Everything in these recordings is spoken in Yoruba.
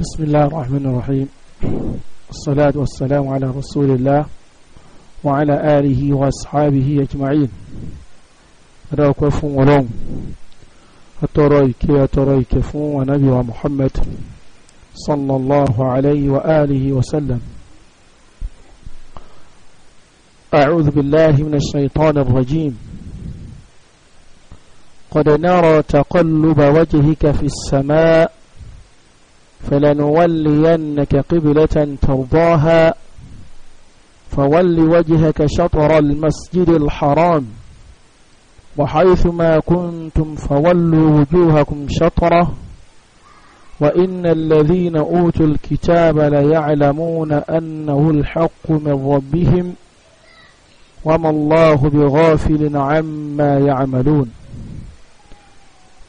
بسم الله الرحمن الرحيم الصلاة والسلام على رسول الله وعلى آله وأصحابه أجمعين راكف ولوم ولوم أتريك أتريك كفو ونبي ومحمد صلى الله عليه وآله وسلم أعوذ بالله من الشيطان الرجيم قد نرى تقلب وجهك في السماء فلنولينك قبلة ترضاها فول وجهك شطر المسجد الحرام وحيثما كنتم فولوا وجوهكم شطره وإن الذين أوتوا الكتاب ليعلمون أنه الحق من ربهم وما الله بغافل عما يعملون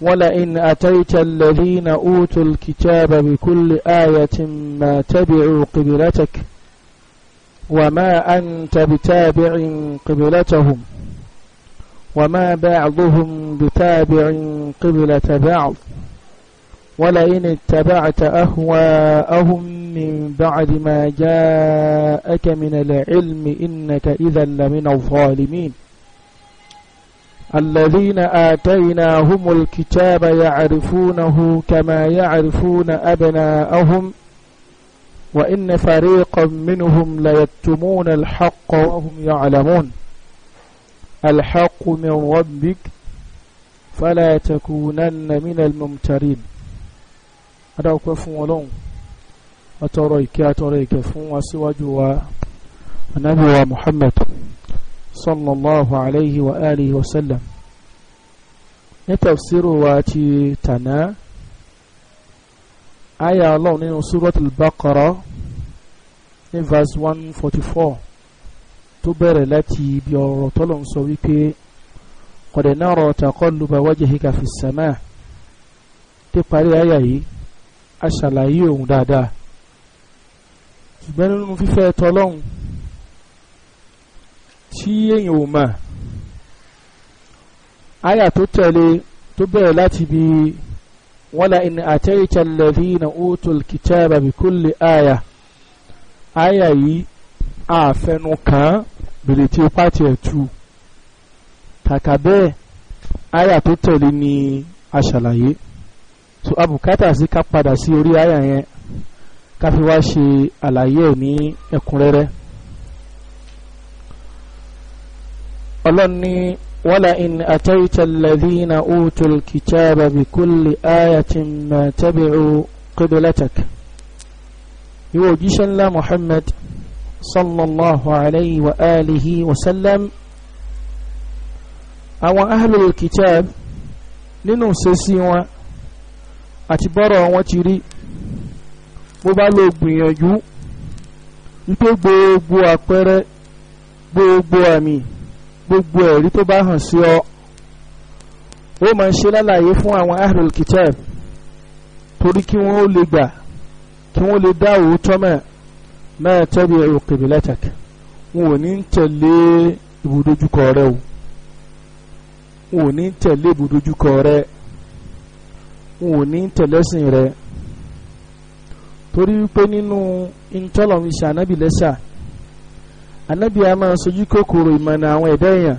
ولئن أتيت الذين أوتوا الكتاب بكل آية ما تبعوا قبلتك وما أنت بتابع قبلتهم وما بعضهم بتابع قبلة بعض ولئن اتبعت أهواءهم من بعد ما جاءك من العلم إنك إذا لمن الظالمين الذين آتيناهم الكتاب يعرفونه كما يعرفون أبناءهم وإن فريقا منهم ليكتمون الحق وهم يعلمون الحق من ربك فلا تكونن من الممترين هذا هو كفو ولون أتريك أتريك فو جوا النبي محمد صلى الله عليه وآله وسلم نتفسير واتي تنا آية الله من سورة البقرة verse 144 تبر التي بيرطلن سويك قد نرى تقلب وجهك في السماء تقري آية أشعل يوم دادا ṣùgbọ́n nínú fífẹ́ tí èèyàn ò mọ̀ àyà tó tẹ̀lé tó bẹ̀rẹ̀ láti bí wala in atayta alladhina utul kitaba bi kulli àyà àyà yìí àfẹnukàn bèrè tí ó pàtì ẹ̀ tu kàkà bẹ́ẹ̀ àyà tó tẹ̀lé ni aṣàlàyé so abùkátà sí ká padà sí orí àyà yẹn ká fi wá ṣe àlàyé ẹ̀ ní ẹ̀kúnrẹ́rẹ́. ọlọ́ni wọ́lá in àtẹ́yìtà lẹ́dínà òtún kìtàbà bí kúlì ayatin ma tẹ́bìrù kídọ́lẹ́tàk yóò jíṣẹ́ ńlá Muhammad sallallahu alayhi wa alihi wa sallam àwọn ahlul kitab nínú sẹ́sí wọn àti bọ́rọ̀ wọn ti rí bó bá lè gbìyànjú wípé gbogbo àpẹẹrẹ gbogbo àmì gbogbo ẹ̀rí tó bá hàn sí ọ ó máa ṣe lálàyé fún àwọn ahlul kitab torí kí wọ́n ó lè gbà kí wọ́n lè dá òótọ́ mẹ́ mẹ́ẹ̀ tẹ́bi ẹ̀rọ qiblatak wọn ò ní tẹ̀lé ibùdójúkọ rẹ o wọn ò ní tẹ̀lé ibùdójúkọ rẹ wọn ò ní tẹ̀lẹ́sìn rẹ torí wípé nínú ìtọ́lọ̀mísà nábìlẹ́sà anabi a máa sojú kòkòrò ìmọ̀nà àwọn ẹ̀dá èèyàn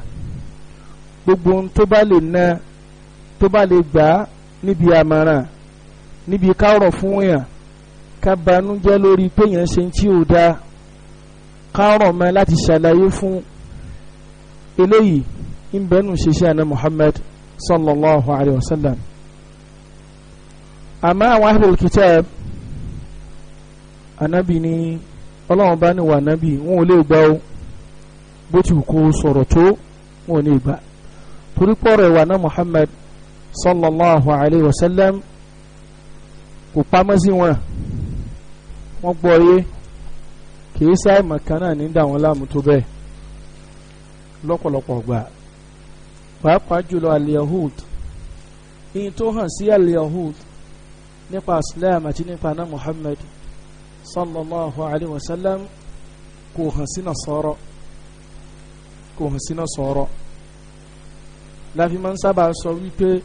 gbogbo ohun tó bá lè ná tó bá lè gbà á níbi àmàràn níbi kárọ̀ fún yàn ká banújẹ́ lórí péyàn ṣe ń tí ò dáa kárọ̀ mọ́ láti ṣàlàyé fún sallallahu alayhi wa sallam àmọ́ àwọn ahlul kitab anabi ni ọlọ́run bá ní wà nábì wọn ò lè gbà ó bó ti kó sọ̀rọ̀ tó wọn ò ní gbà torí pọ̀rọ̀ ìwà náà Muhammad sallallahu alayhi wa sallam kò pamọ́ sí wọn wọ́n gbọ́ yé kìí sáì màkàn náà ní dà láàmú tó bẹ́ẹ̀ lọ́pọ̀lọpọ̀ gbà pàápàá jùlọ aliyahud ìyìn tó hàn sí aliyahud nípa islam àti nípa náà Muhammad sallallahu alayhi wa sallam kò hàn sí Nasara kò hàn sí Nasara láfi máa ń sábà sọ wípé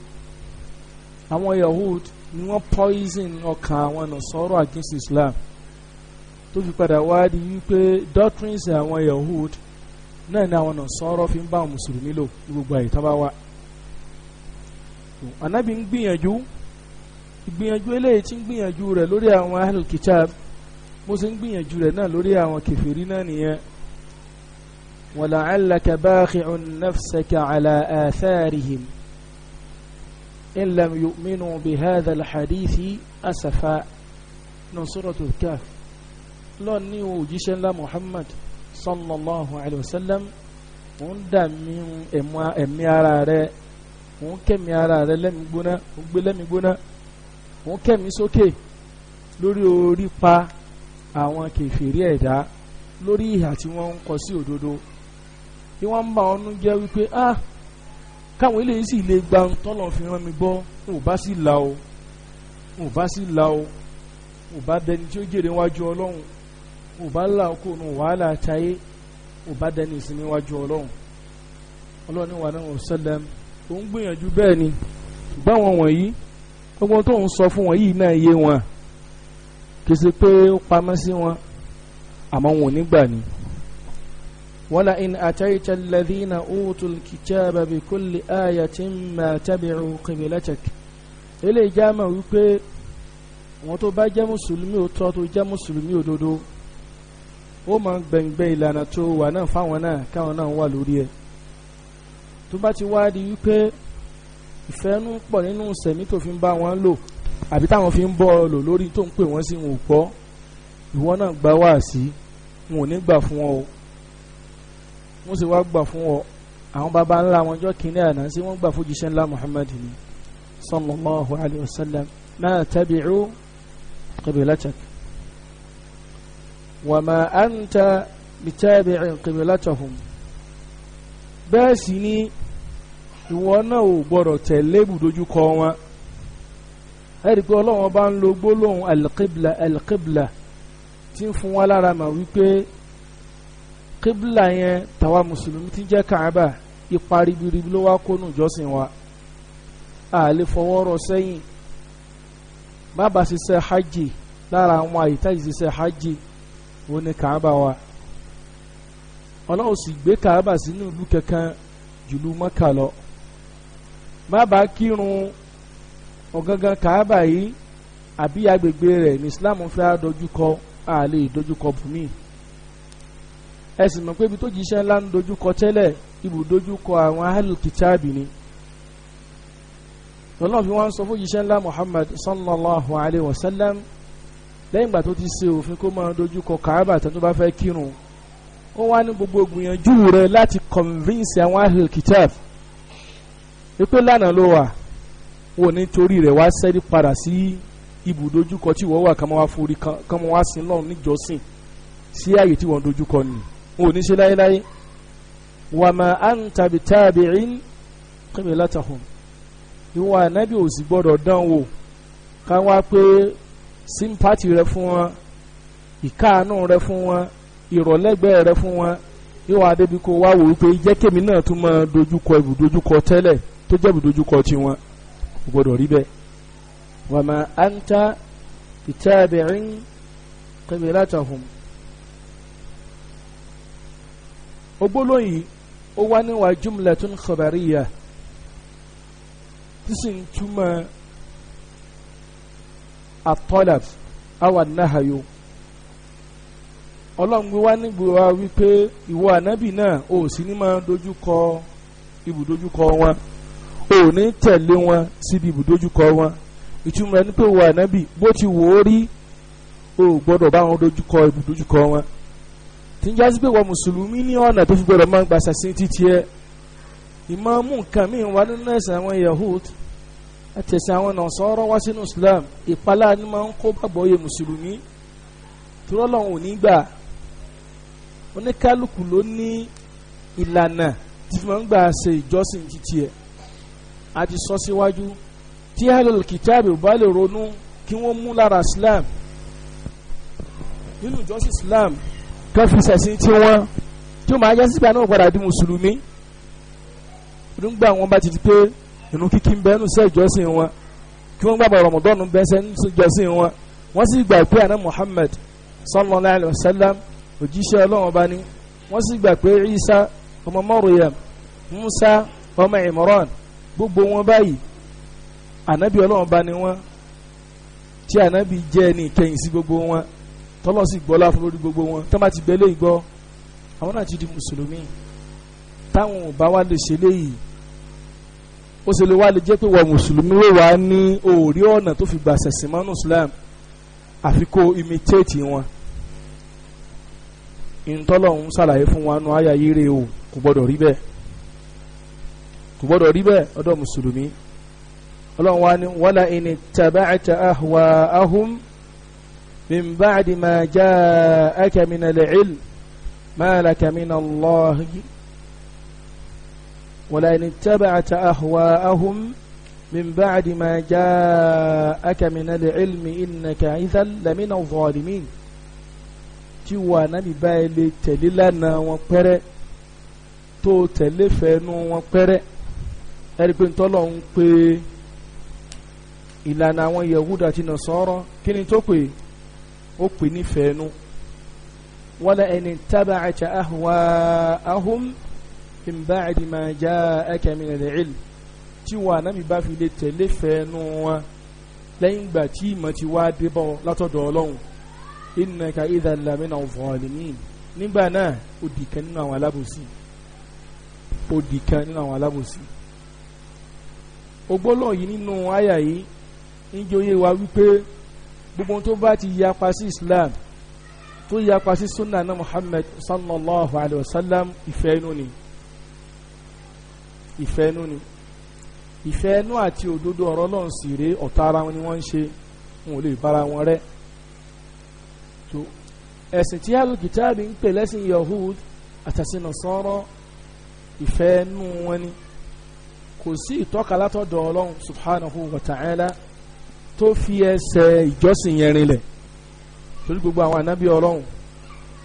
àwọn Yahud ni wọ́n poison ọkàn àwọn Nasara against Islam tó fi padà wá di wípé doctrines àwọn Yahud náà ni àwọn Nasara fi ń bá àwọn mùsùlùmí lò ní gbogbo àyè tó bá anabi ń gbìyànjú ìgbìyànjú eléyìí tí ń gbìyànjú rẹ̀ lórí àwọn ahlul kitab mo sì ń gbìyànjú rẹ̀ náà lórí àwọn kẹfìrí náà nìyẹn ولعلك باخع نفسك على آثارهم إن لم يؤمنوا بهذا الحديث أسفا نصرة الكهف لأني وجيشا لا محمد صلى الله عليه وسلم وندا من أميارا وكم يارا لم يقنا وقبل لم يقنا وكم يسوكي لوري أوري àwọn kèfèrí ẹ̀dá lórí ìhà tí wọ́n ń kọ sí òdodo tí wọ́n ń bá ọnú jẹ́ wípé ah káwọn eléyìí sì lè gba tọ́lọ̀ fi rán mi gbọ́ n ò bá sì la o n ò bá sì la o n ò bá dẹni tí ó jèrè wájú ọlọ́run n ò bá là kó nu wàhálà àtàyé n ò bá dẹni ìsinmi wájú ọlọ́run ọlọ́run ní wàhálà wọn sẹ́lẹ̀m òun gbìyànjú bẹ́ẹ̀ ni ṣùgbọ́n àwọn wọ̀nyí gbogbo tó ń sọ fún wọn yìí náà yé wọn kì í ṣe pé ó pamọ́ sí wọn àmọ́ wọn ò ní gbà ni. wala in atayta alladhina utul kitaba bi kulli ayatin ma tabi'u qiblatak eléyìí já mọ̀ wípé wọn tó bá jẹ́ mùsùlùmí òótọ́ tó jẹ́ mùsùlùmí òdodo ó máa ń gbẹ̀ngbẹ̀ ìlànà tó wà náà fáwọn náà káwọn náà wà lórí ẹ̀ tó bá ti wá di wípé ìfẹ́ nù pọ̀ nínú sẹ̀mí tó fi ń bá wọn lò àbí táwọn fi ń bọ́ ọ lò lórí tó ń pè wọ́n sí wọn ò gbọ́ ìwọ náà gba wá sí wọn ò ní gbà fún ọ wọ́n sì wá gbà fún ọ àwọn baba ńlá wọn jọ kínní àná sí wọ́n gbà fún ńlá Muhammad ni sallallahu alayhi wa sallam ma tabi'u qiblatak wa ma anta bitabi'in qiblatahum bẹ́ẹ̀ sì ni ìwọ náà ò gbọ́dọ̀ tẹ̀lé ibùdójúkọ wọn ẹ̀rí pé ọlọ́run ọba ń lo gbólóhùn alqibla alqibla tí ń fún wa lára mà wípé qibla yẹn tàwa mùsùlùmí ti jẹ́ kàába ipa ribiribi ló wá kó nù jọ́sìn wa a lè fọwọ́ rọ sẹ́yìn má bàa ṣiṣẹ́ hajj lára àwọn àyíká ìṣiṣẹ́ hajj òun ni kàába wa ọlọ́run sì gbé kàába sínú ìlú kankan jùlú mọ́kà lọ má kírun ọ̀gángan kàábà yìí àbí agbègbè rẹ̀ ní islam fẹ́ dojúkọ a lè dojúkọ bùnmí ẹ sì mọ̀ pé ibi tó jíṣẹ́ ńlá ń dojúkọ tẹ́lẹ̀ ibùdójúkọ àwọn ahlul kìtàbì ni lọ́nà fi wọ́n sọ fún jíṣẹ́ ńlá muhammad sallallahu alayhi wa sallam lẹ́yìn ìgbà tó ti ṣe òfin kó máa dojúkọ kàábà tó bá fẹ́ kírun ó wá ní gbogbo gbìyànjú rẹ̀ láti convince àwọn ahlul kìtàbì wípé lánàá ló wà wọn ní torí rẹ̀ wá sẹ́rí padà sí ibùdójúkọ tí wọ́n wà kàn wá forí kàn wá sin lọ́run níjọsìn sí ààyè tí wọ́n dojúkọ ni wọn ò ní ṣe láéláé wa ma anta bitabi'in qiblatahum ìwọ ànábì ò sì gbọ́dọ̀ dán wò ká wá pé sympathy rẹ fún wọn ìkáàánú rẹ fún wọn ìrọ̀lẹ́gbẹ̀ẹ́ rẹ fún wọn ìwọ adébíkó wá wò wípé jẹ́ kémi náà tún máa dojúkọ ibùdójúkọ tẹ́lẹ̀ tó jẹ́ ibùdójúkọ tiwọn kò gbọdọ̀ rí bẹ́ẹ̀ wa ma anta bitabi'in qiblatahum. ogbólóyìn ó wá níwá jumlatun khabariyah tí sì ń túmọ̀ at-talab awa nahayo ọlọ́run wá nígbòwá wípé ìwọ ànábì náà ò sí ní máa dojú kọ ibùdójúkọ wọn ò ní tẹ̀lé wọn síbi ibùdójúkọ wọn ìtumọ̀ ẹni pé wà nábì bó ti wò ó rí o gbọ́dọ̀ bá wọn dojúkọ ibùdójúkọ wọn tí ń jásí pé wọ́n mùsùlùmí ní ọ̀nà tó fi gbọ́dọ̀ máa ń gba sàṣin títí ẹ ìmọ̀ọ́mù nǹkan mìíràn wà nínú ẹ̀sìn àwọn Yahud àtẹ̀sìn àwọn Nasara wá sínú Islam ìpalá ni máa ń kó bàbọ̀ yẹ mùsùlùmí tùrọ̀lọ́hùn ò ní gbà oníkálukú ló ní ìlànà tí fi máa ń gbà ṣe ìjọsìn títí ẹ̀ a ti sọ síwájú tí ahlul kitabi bá lè ronú kí wọ́n mú lára islam nínú ìjọsìn islam kan fi ṣẹ̀sìn tí wọ́n tí ó máa yẹ sígbà náà padà di mùsùlùmí nígbà wọn bá ti di pé ìrun kíkí ń bẹ nínú iṣẹ́ ìjọsìn wọn kí wọ́n gbàgbọ́ rọmọdọ́nù bẹ́ẹ̀ sẹ́ nínú ìjọsìn wọn wọ́n sì gbà pé àná muhammad sallallahu alayhi wa sallam òjíṣẹ́ ọlọ́run bá ní wọ́n sì gbà pé isa ọmọ maryam musa ọmọ imran gbogbo wọn báyìí ànábì ọlọ́run bá ní wọn tí ànábì jẹ́ ẹni ìkẹyìn sí gbogbo wọn tọ́lọ́ sì gbọ́ láàfọ́ lórí gbogbo wọn tọ́ bá ti gbẹ́ léyìí gbọ́ àwọn náà ti di mùsùlùmí táwọn ò bá wá lè ṣe léyìí ó ṣe lè wá lè jẹ́ pé wọ́n mùsùlùmí ló wà ní òòrí ọ̀nà tó fi gbà sẹ̀sìn mọ́nú Islam àfi imitate wọn ìǹtọ́lọ́hún ṣàlàyé fún wa nù ayà o kò gbọ́dọ̀ rí bẹ́ẹ̀ kò gbọ́dọ̀ rí bẹ́ẹ̀ ọ̀dọ̀ mùsùlùmí ọlọ́run wa ni wala in taba'ta ahwaahum min ba'di ma ja'aka min al-'ilm ma laka min Allah wala in taba'ta ahwaahum من بعد ما جاءك من العلم إنك إذا لمن الظالمين tí wà nábì báyìí lè tẹ̀lé lánàá wọn pẹ́rẹ́ tó tẹ̀lé fẹ́nu wọn pẹ́rẹ́ ẹ̀rí pé ntọ́lọ̀ ń pè ìlànà àwọn yahuda àti nasara kí ni tó pè ó pè nífẹ̀ẹ́ nu wala in ittaba'ta ahwa'ahum min ba'di ma ja'aka min al-'ilm tí wọn ànábì bá fi lè tẹ̀lé fẹ́ẹ́ nu lẹ́yìn ìgbà tí ìmọ̀ ti wá dé bọ́ látọ̀dọ̀ ọlọ́run innaka idhan lamina zalimin nígbà náà ó di nínú àwọn alábòsí ó di nínú àwọn alábòsí ogbólọ̀ yìí nínú àyà yìí ń wa wípé gbogbo tó bá ti yapa sí Islam tó yapa sí sunna na Muhammad sallallahu alayhi wa sallam ìfẹ́ inú ni ìfẹ́ inú ni ìfẹ́ inú àti òdodo ọ̀rọ̀ náà sì rèé ọ̀tá ara wọn ni wọ́n ń ṣe wọn ò lè bára wọn rẹ́ tó ẹ̀sìn tí alukitaabi ń pè lẹ́sìn Yahud àtàsínà sọ́rọ́ ìfẹ́ inú wọn ni kò sí ìtọ́ka látọ̀dọ̀ ọlọ́run subhanahu wa ta'ala tó fi ẹsẹ̀ ìjọsìn yẹn rinlẹ̀ torí gbogbo àwọn ànábì ọlọ́run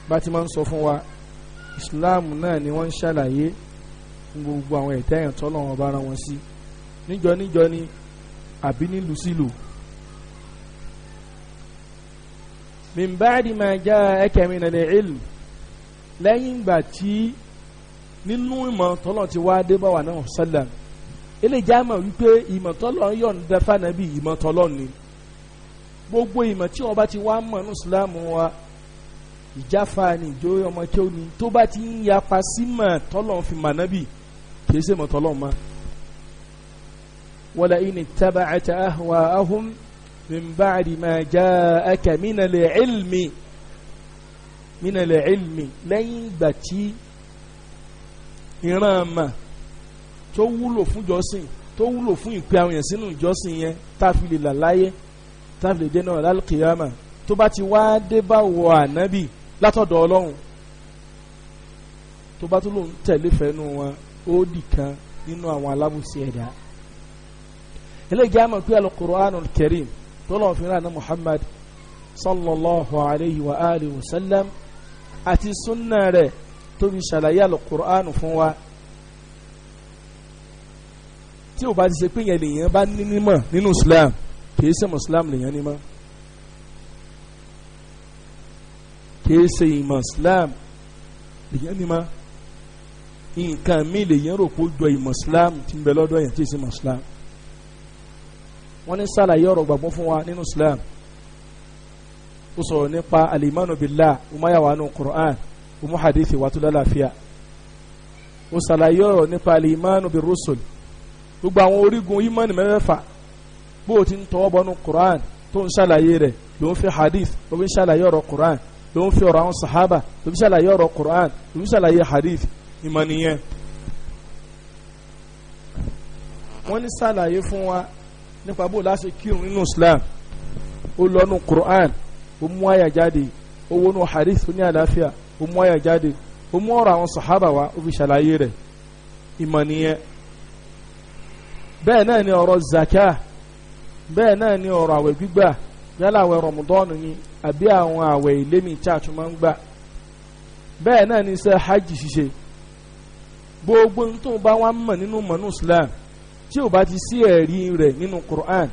bá ti máa ń sọ fún wa islam náà ni wọ́n ń ṣàlàyé gbogbo àwọn ẹ̀tẹ́ yẹn tọ́lọ́run bá rán wọn sí níjọ níjọ ni àbí nílùú sílùú. min baadi ma ja'aka min al-ilm lẹ́yìn ìgbà tí nínú ìmọ̀ tọ́lọ̀ ti wá dé bá wa náà sálàm eléyìí á mọ̀ wípé ìmọ̀tọ́lọ́ ń yọ̀ǹda fànàbí ìmọ̀tọ́lọ́ ni gbogbo ìmọ̀ tí ọba ti wá mọ̀ ní ìsìlámù wa ìjáfa ni ìjó ọmọ tí ó ní tó bá ti ń yapa sí mọ̀ tọ́lọ̀ fi mọ̀ nábì kì í ṣe mọ̀ tọ́lọ̀ mọ́. wala in ittaba'ta ahwa'ahum min ba'di ma ja'aka minal ilmi minal ilmi lẹ́yìn ìgbà tí ìran mọ̀ tó wúlò fún jọ́sìn tó wúlò fún ìpè àwọn èèyàn sínú ìjọ́sìn yẹn tá a fi lè là láyé tá a fi lè dé náà lálùkìyàmà tó bá ti wá dé bá wọ ànábì látọ̀dọ̀ ọlọ́run tó bá tó lòun tẹ̀lé fẹ́nu wọn ó dì kan nínú àwọn alábùsí ẹ̀dá eléyìí àmọ̀ pé alukur'anul karim tó lọ́n fi rán ní muhammad sallallahu alayhi wa alihi wa sallam àti sunna rẹ̀ tó fi ṣàlàyé alukur'an fún wa tí ò bá ti ṣe pé yẹn lèèyàn bá ní nímọ̀ nínú Islam kì í ṣe Muslim lèèyàn ní mọ́ kì í ṣe ìmọ̀ Islam lèèyàn ní mọ́ nǹkan mi lèèyàn rò pé ó jọ ìmọ̀ Islam ti ń bẹ lọ́dọ̀ yẹn tí ì ṣe ìmọ̀ wọ́n ní sàlàyé ọ̀rọ̀ gbàgbọ́ fún wa nínú Islam ó sọ̀rọ̀ nípa alimanu billah umayawa nù Qur'an umu hadithi wa ó sàlàyé ọ̀rọ̀ nípa alimanu bi rusul gbogbo àwọn orígun ìmọ̀nì mẹ́fẹ̀ẹ̀fà bó o ti ń tọwọ́ bọ́nu Quran tó ń ṣàlàyé rẹ̀ ló ń fi hadith ló ń ṣàlàyé ọ̀rọ̀ Quran ló ń fi ọ̀rọ̀ àwọn sahaba ló ń ṣàlàyé ọ̀rọ̀ Quran ló ń ṣàlàyé hadith ìmọ̀nì yẹn. wọ́n ní ṣàlàyé fún wa nípa bó o láṣẹ kírun nínú Islam ó lọ́nu Quran ó mú àyà jáde ó wọnú hadith ó ní àlàáfíà ó mú àyà jáde ó mú ọ̀rọ̀ àwọn sahaba wa ó fi ṣàlàyé rẹ̀ ìmọ̀nì yẹn bẹ́ẹ̀ náà ni ọ̀rọ̀ zaka bẹ́ẹ̀ náà ni ọ̀rọ̀ àwẹ̀ gbígbà yálà àwẹ̀ rọ̀mùdọ́ọ̀nù ni àbí àwọn àwẹ̀ ìlémi tí a tún máa ń gbà bẹ́ẹ̀ náà ni iṣẹ́ hajj ṣíṣe gbogbo ohun tó bá wá mọ̀ nínú mọ̀nú islam tí ò bá ti sí ẹ̀rí rẹ̀ nínú quran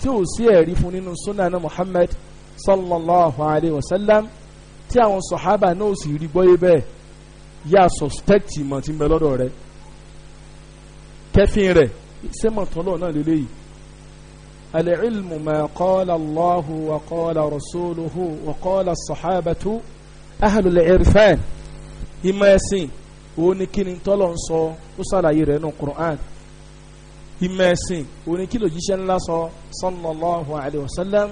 tí ò sí ẹ̀rí fún nínú sunnah na muhammad sallallahu alayhi wa sallam tí àwọn sọ̀hábà náà sì rí gbọ́yé bẹ́ẹ̀ yá suspect ìmọ̀ tí ń bẹ lọ́dọ̀ rẹ̀ kẹfin rẹ̀ sẹ́mọ̀tọ́lọ́ náà lélẹ́yìí al-ilmu ma qala Allahu wa qala rasuluhu wa qala as-sahabatu ahlul irfan ìmọ̀ ẹ̀sìn òun ni kí ni tọ́lọ̀ ń sọ ó ṣàlàyé rẹ̀ nù Qur'an ìmọ̀ ẹ̀sìn òun ni kí ló jíṣẹ́ ńlá sọ sallallahu alayhi wa sallam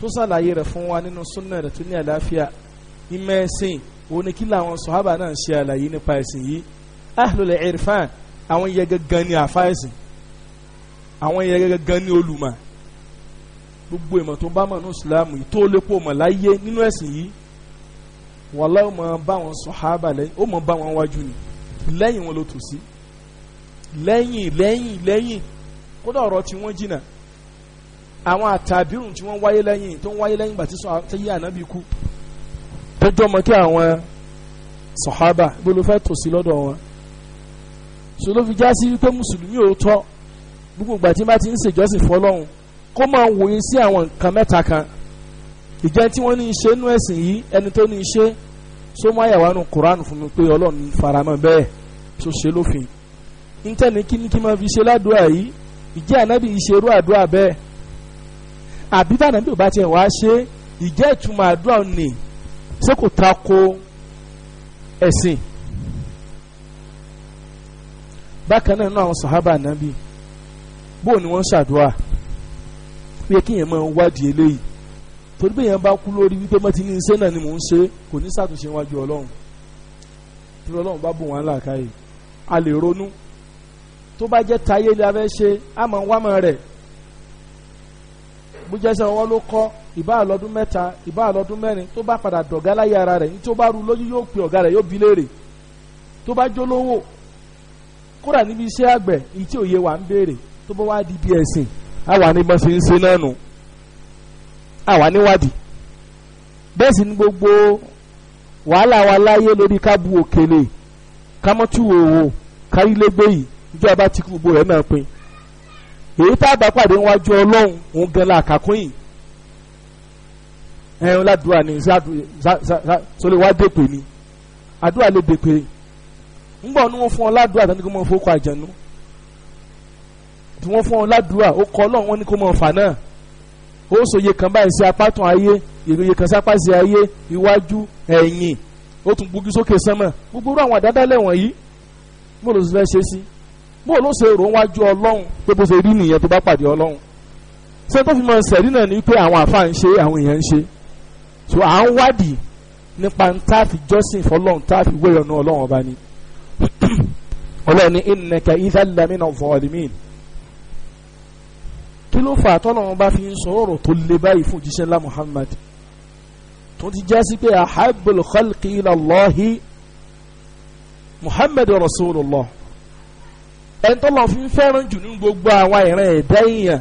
tó ṣàlàyé rẹ̀ fún wa nínú súnà rẹ̀ tó ní àlàáfíà ìmọ̀ ẹ̀sìn òun ni sọ̀hábà náà ń ṣe àlàyé nípa ẹ̀sìn yìí ahlul irfan àwọn yẹ gangan ni àfa àwọn yẹn gangan ní olùmọ̀ gbogbo ìmọ̀ tó bá mọ̀ ní ìsìlámù yìí tó lè kó mọ̀ láyé nínú ẹ̀sìn yìí wàhálà ó mọ̀ bá wọn sàhábà lẹ́yìn ó mọ̀ bá wọn wájú ni lẹ́yìn wọn ló tò sí lẹ́yìn lẹ́yìn lẹ́yìn kódà ọ̀rọ̀ tí wọ́n jìnnà àwọn àtàbírùn tí wọ́n wáyé lẹ́yìn tó ń wáyé lẹ́yìn gbà tí sọ àtẹ́yẹ ànábì kú tó jọmọ kí àwọn sàhábà bó ló fẹ́ tò sí lọ́dọ̀ wọn sọ ló fi já sí wípé mùsùlùmí òótọ́ gbogbo ìgbà tí n bá ti ń ṣèjọ́sìn fọlọ́hún kó máa wòye sí àwọn nǹkan mẹ́ta kan ìjẹ́ tí wọ́n ní í ṣe nú ẹ̀sìn yìí ẹni tó ní í ṣe só mú àyàwó nu Quran fún mi pé Ọlọ́run faramọ́ bẹ́ẹ̀ tó ṣe lófin ntẹ́ni kí ni kí n máa fi ṣe ládùúrà yìí ìjẹ́ ànábì ìṣerú àdúrà bẹ́ẹ̀ àbí tá ànábì bá tiẹ̀ wá ṣe ìjẹ́ ìtumọ̀ àdúrà ni ṣé kò ta ẹ̀sìn bákan náà nínú àwọn sàhábà ànábì bóò ni wọ́n ṣàdúrà pé kéèyàn máa ń wádìí eléyìí torí bẹ́ẹ̀ yẹn bá kú lórí wípé mo ti ní iṣẹ́ náà ni mò ń ṣe kò ní ṣàtúnṣe wájú ọlọ́run tí ọlọ́run bá bò wọ́n làákàyè a lè ronú tó bá jẹ́ tayé ni a fẹ́ ṣe a máa ń wá mọ́ rẹ̀ bó jẹ́ sẹ́ ọwọ́ ló kọ́ ìbá àlọ́dún mẹ́ta ìbá àlọ́dún mẹ́rin tó bá padà dọ̀gá láyé ara rẹ̀ nítorí bá ru lójú yóò pe ọ̀gá rẹ̀ yóò bi léèrè tó bá jólówó kódà níbi iṣẹ́ àgbẹ̀ ìtí òye wà ń béèrè tó bá wá di bí ẹ̀sìn àwa ni bá ṣe ń ṣe náà nù àwa níwádìí bẹ́ẹ̀ sì ni gbogbo wàhálà wa láyé lórí ká bu òkèlè kámọ́tù òwò kárílégbé yìí níjọ́ bá ti kú gbogbo rẹ̀ náà pin èyí tá a bá pàdé wájú ọlọ́run òun gan la àkàkún yìí ẹ̀rùn ládùúrà ni sọlẹ̀ wá dèpè ni àdúrà lè dèpè ńgbọ̀n ní wọn fún ọ ládùúrà tàbí kí wọn fọkọ àjẹnú tí wọ́n fún ọ ládùúrà ó kọ́ ọlọ́run wọn ní kó mọ̀ fà náà ó sọ iye kan báyìí sí apá tún ayé iye kan sí apá sí ayé iwájú ẹ̀yìn ó tún gbógi sókè sánmà gbogbo àwọn àdádálẹ̀ wọ̀nyí mo ló fẹ́ ṣe sí mo ló ṣe rò wájú ọlọ́run pé bó ṣe rí nìyẹn tó bá pàdé ọlọ́run ṣé tó fi mọ ṣẹ̀rí náà ni pé àwọn àfa ń ṣe àwọn èèyàn ń ṣe so à ń wádìí nípa tá a fi jọ́sìn fọlọ́run tá a fi wéyọ̀nù ọlọ́run ọba ni ọlọ́run ní ìnẹ̀kẹ́ ìdálẹ́mínà fọ́ọ̀lìmíìn kí ló fà tọ́nà wọn bá fi ń sọ̀rọ̀ tó le báyìí fún jíṣẹ́ ńlá Muhammad tó ti já sí pé ahabbul khalqi ilallahi Muhammad rasulullah ẹni tọ́lọ̀ fi ń fẹ́ràn jù ní gbogbo àwọn ìran ẹ̀dá èèyàn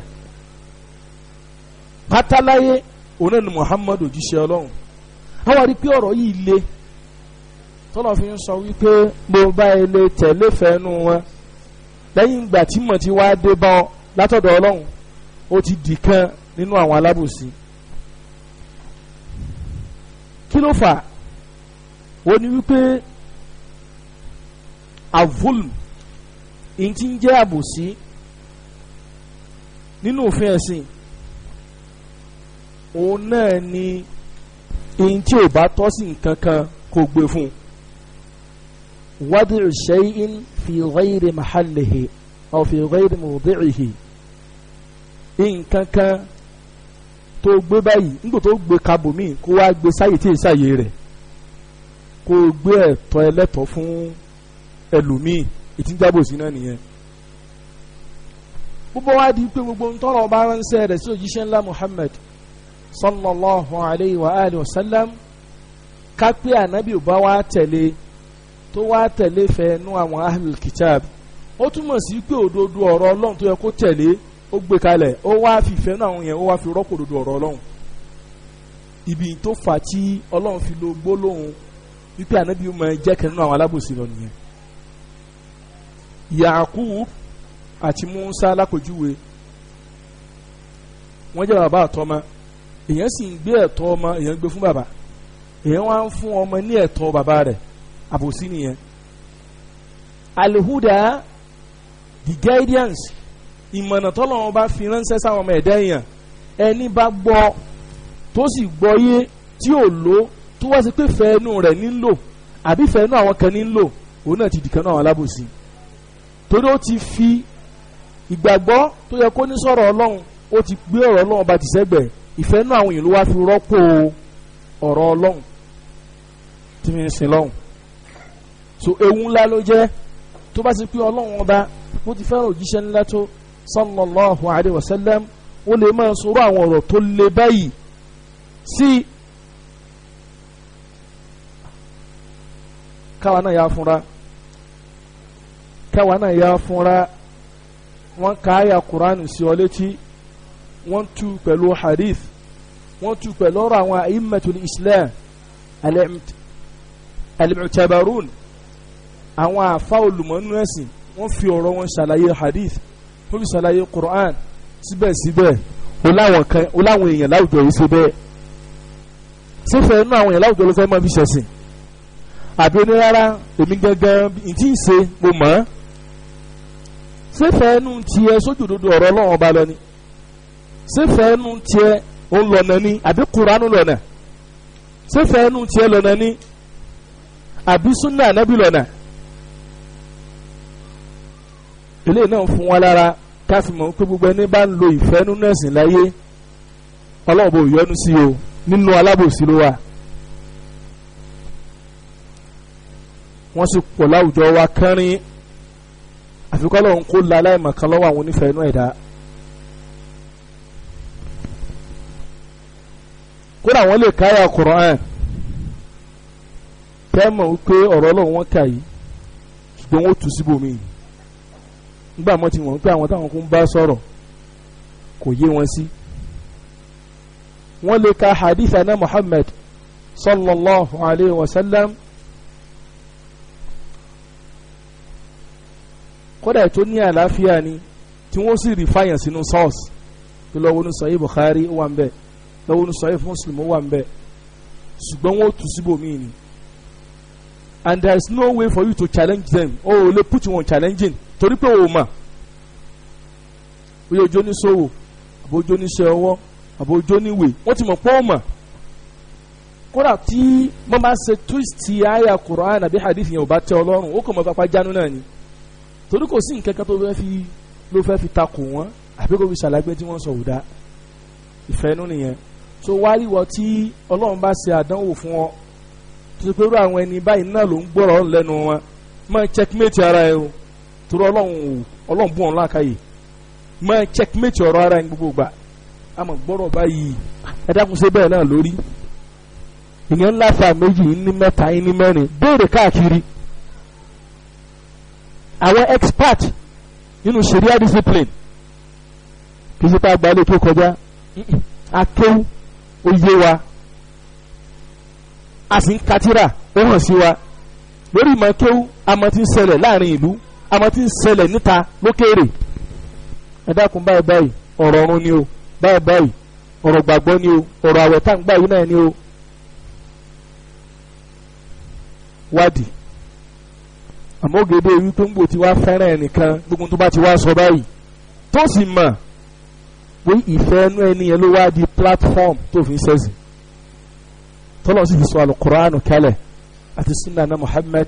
pátáláyé òun ni Muhammad òjíṣẹ́ ọlọ́run àwọn àrí pé ọ̀rọ̀ yìí le tọ́lọ̀ fi ń sọ wípé mo bá ilé tẹ̀lé fẹ́nu wọn lẹ́yìn ìgbà tí mo ti wá dé bá ọ látọ̀dọ̀ ọlọ́run ó ti dì kan nínú àwọn alábòsí kí ló fà ó ní wípé avulm èyí tí ń jẹ́ àbòsí nínú òfin ẹ̀sìn òun náà ni èyí tí ò bá tọ́ sí nǹkan kan kò gbé fún un wadu shay'in fi ghayri mahallihi aw fi ghayri nǹkan kan tó gbé báyìí nígbà tó gbé kabomi kó wá gbé sáyè tí èsì àyè rẹ̀ kó gbé ẹ̀tọ́ ẹlẹ́tọ̀ fún ẹlòmíì nìyẹn gbogbo wa di pé gbogbo ntọrọ ọba ránṣẹ́ rẹ̀ sí òjíṣẹ́ ńlá Muhammad sallallahu alayhi wa alihi wa sallam kápẹ́ ànábì wa tẹ̀lé tó wa tẹ̀lé fẹ́ẹ́nu àwọn ahlul kitab ó túmọ̀ sí pé òdodo ọ̀rọ̀ ọlọ́run tó yẹ kó ó gbé kalẹ̀ ó wá fìfẹ́ náà àwọn yẹn ó wá fi rọ́pò dodo ọ̀rọ̀ ọlọ́run ibi tó fà tí ọlọ́run fi lo gbólóhùn wípé ànábi máa jẹ́ kẹ́ nínú àwọn alábòsí lọ nìyẹn Yakub àti Musa alákòjúwe wọ́n jẹ́ bàbá àtọ́mọ èèyàn sì ń gbé ẹ̀tọ́ ọmọ èèyàn gbé fún bàbá èèyàn wá ń fún ọmọ ní ẹ̀tọ́ bàbá rẹ̀ àbòsí nìyẹn alihuda the guidance ìmọ̀nà tọ́lọ́run bá fi ránṣẹ́ sáwọn ọmọ ẹ̀dá èèyàn ẹni bá gbọ́ tó sì gbọ́ yé tí ò lò tó wá sí pé fẹ́ẹ́nu rẹ̀ nílò àbí fẹ́ẹ́nu àwọn kan nílò òun náà ti dìkan náà àwọn alábòsí torí ó ti fi ìgbàgbọ́ tó yẹ kó ní sọ̀rọ̀ ọlọ́run ó ti gbé ọ̀rọ̀ ọlọ́run bá ti sẹ́gbẹ̀ àwọn èèyàn ló wá fi rọ́pò ọ̀rọ̀ ọlọ́run tí mi ń sin lọ́hùn so ewu ńlá ló jẹ́ tó bá ti pé ọlọ́run ọba bó ti fẹ́ràn òjíṣẹ́ ńlá tó sallallahu alayhi wa sallam ó lè máa sọ̀rọ̀ àwọn ọ̀rọ̀ tó le báyìí sí káwa náà yà fúnra káwa náà yà fúnra wọ́n ka àyà Qur'an sí ọ létí wọ́n tú pẹ̀lú hadith wọ́n tú pẹ̀lú àwọn a'immatul Islam al àwọn àfa olùmọ̀nú ẹ̀sìn wọ́n fi ọ̀rọ̀ wọn ṣàlàyé hadith ó fi Quran síbẹ̀síbẹ̀ ó láwọn kan ó láwọn èèyàn láwùjọ yìí ṣe bẹ́ẹ̀ sífẹ̀ inú àwọn èèyàn láwùjọ ló fẹ́ máa fi ṣẹ̀sìn àbí ó ní rárá èmi gangan n tí ì ṣe mo mọ̀ ọ́ sífẹ̀ inú tiẹ̀ sójú dodo ọ̀rọ̀ ọlọ́run ọba lọ ni sífẹ̀ inú tiẹ̀ ó ni àbí Quran lọ́nà sífẹ̀ inú tiẹ̀ lọ́nà ni àbí sunna anabi lọ́nà. eléyìí náà fún wọn lára káfí mọ̀ pé gbogbo ẹni bá ń lo ìfẹ́ nínú ẹ̀sìn láyé ọlọ́run bò yọ́nú sí o nínú alábòsí ló wà. wọ́n sì pọ̀ láwùjọ wa kẹ́rin àfikọ́ ọlọ́run kó la aláìmọ̀kan lọ́wọ́ àwọn onífẹ́ inú ẹ̀dá. kódà wọ́n lè káyà Kùránì tẹ́ mọ̀ wípé ọ̀rọ̀ ọlọ́run wọn kà yìí ṣùgbọ́n wọ́n tù síbòmíì nígbà mọ́ ti wọ̀n pé àwọn táwọn kún bá sọ̀rọ̀ kò yé wọn sí wọ́n lè ka hadith ana Muhammad sallallahu alayhi wa sallam kódà tó ní àlàáfíà ni tí wọ́n sì rí fáyàn sínú sọ́ọ̀sì tó lọ́wọ́ ní sọ́yìn Bukhari wà ń bẹ̀ lọ́wọ́ ní sọ́yìn Muslim wà ń bẹ̀ ṣùgbọ́n wọ́n tù síbòmíì ni and there is no way for you to challenge them oh le put you on challenging torí pé o mọ̀ bóyá ojú oníṣòwò àbójú oníṣẹ́ ọwọ́ àbójú oníwèé wọ́n ti mọ̀ pé o mọ̀ kódà tí wọ́n bá ṣe túwìsì àyà kùránì àbí hadith yẹn ò bá tẹ ọlọ́run ó kàn mọ́ pápá jánu náà ni torí kò sí nǹkan kan tó fẹ́ fi ló fẹ́ fi takò wọ́n àbí kò fi ṣàlàgbé tí wọ́n sọ ò dá ìfẹ́ nù nìyẹn tó wáríwọ tí ọlọ́run bá ṣe àdánwò fún ọ tó ti pé irú àwọn ẹni báyìí náà ló ń gbọ́rọ̀ lẹ́nu wọn máa checkmate ara ẹ o torí ọlọ́run o ọlọ́run bùn ọ̀la káyè máa checkmate ọ̀rọ̀ ara ẹni gbogbo gbà àmọ́ gbọ́dọ̀ báyìí ẹ ṣe bẹ́ẹ̀ náà lórí ìyẹn ńlá fa méjì ní mẹ́ta ní mẹ́rin béèrè káàkiri àwọn expert nínú sharia discipline kì í ṣe pa gbalẹ̀ tó kọjá akéwù oyé wa a sì ń katira ó hàn sí wa lórí ìmọ̀ kéwù amọ̀ ti ń ṣẹlẹ̀ láàrin ìlú àmọ́ tí ń ṣẹlẹ̀ níta lókèrè ẹ dákun báyìí báyìí ọ̀rọ̀ ọ̀run ni o báyìí báyìí ọ̀rọ̀ gbàgbọ́ ni o ọ̀rọ̀ àwẹ̀ tá ń gbà yìí náà ni o. wádìí àmọ́ gèdè ewu tó ń gbò tí wàá fẹ́ràn ẹnìkan gbogbo tó bá ti wá sọ báyìí tó sì mọ̀ pé ìfẹ́ inú ẹni yẹn ló wá di platform tó fi ń ṣẹ̀sìn tọ́lọ́ sì fi sọ àlùkùránù na Muhammad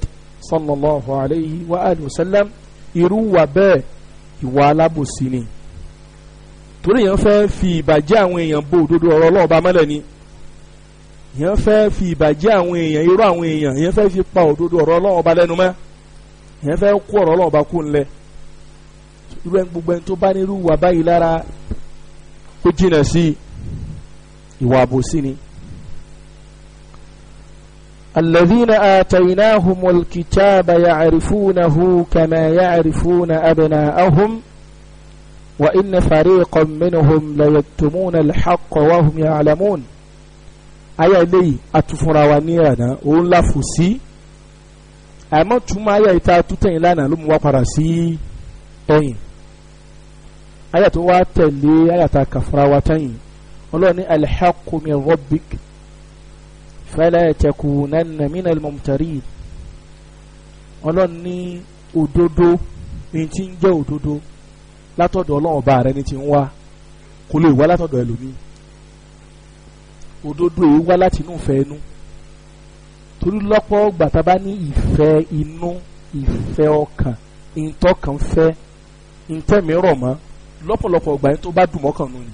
sallallahu alayhi wa alihi wa sallam irú wa bẹ́ẹ̀ ìwà alábòsí ni torí yẹn fẹ́ fi ìbàjẹ́ àwọn èèyàn bo òdodo ọ̀rọ̀ ọlọ́ọ̀ba mọ́lẹ̀ ni yẹn fẹ́ fi ìbàjẹ́ àwọn èèyàn irú àwọn èèyàn yẹn fẹ́ fi pa òdodo ọ̀rọ̀ ọlọ́ọ̀ba lẹ́nu mọ́ yẹn fẹ́ kó ọ̀rọ̀ ọlọ́ọ̀ba kú ńlẹ̀ irú ẹni gbogbo ẹni tó bá nírú wà báyìí lára ó jìnà sí ìwà àbòsí ni. الذين آتيناهم الكتاب يعرفونه كما يعرفون أبناءهم وإن فريقا منهم ليكتمون الحق وهم يعلمون aya eléyìí atufura wa ní àná òun la fò sí àmọ́ túmọ̀ aya ìta tútẹ̀yìn lánàá ló mú wa padà sí ẹ̀yìn aya tó wá tẹ̀lé aya ta kàfura wa tẹ̀yìn ọlọ́ọ̀ni alḥaqu min fala takunanna minal mumtarin ọlọ́run ní òdodo ní ti ń jẹ́ òdodo látọ̀dọ̀ ọlọ́run ọba rẹ ní ti ń wá kò lè wá látọ̀dọ̀ ẹlòmíì òdodo èyí wá láti inú ìfẹ́ inú torí lọ́pọ̀ ọgbà tá a bá ní ìfẹ́ inú ìfẹ́ ọkàn ìtọ́kàn fẹ́ ìtẹ́mi rọ̀ mọ́ lọ́pọ̀lọpọ̀ ọgbà yẹn tó bá dùn mọ́kàn nù ni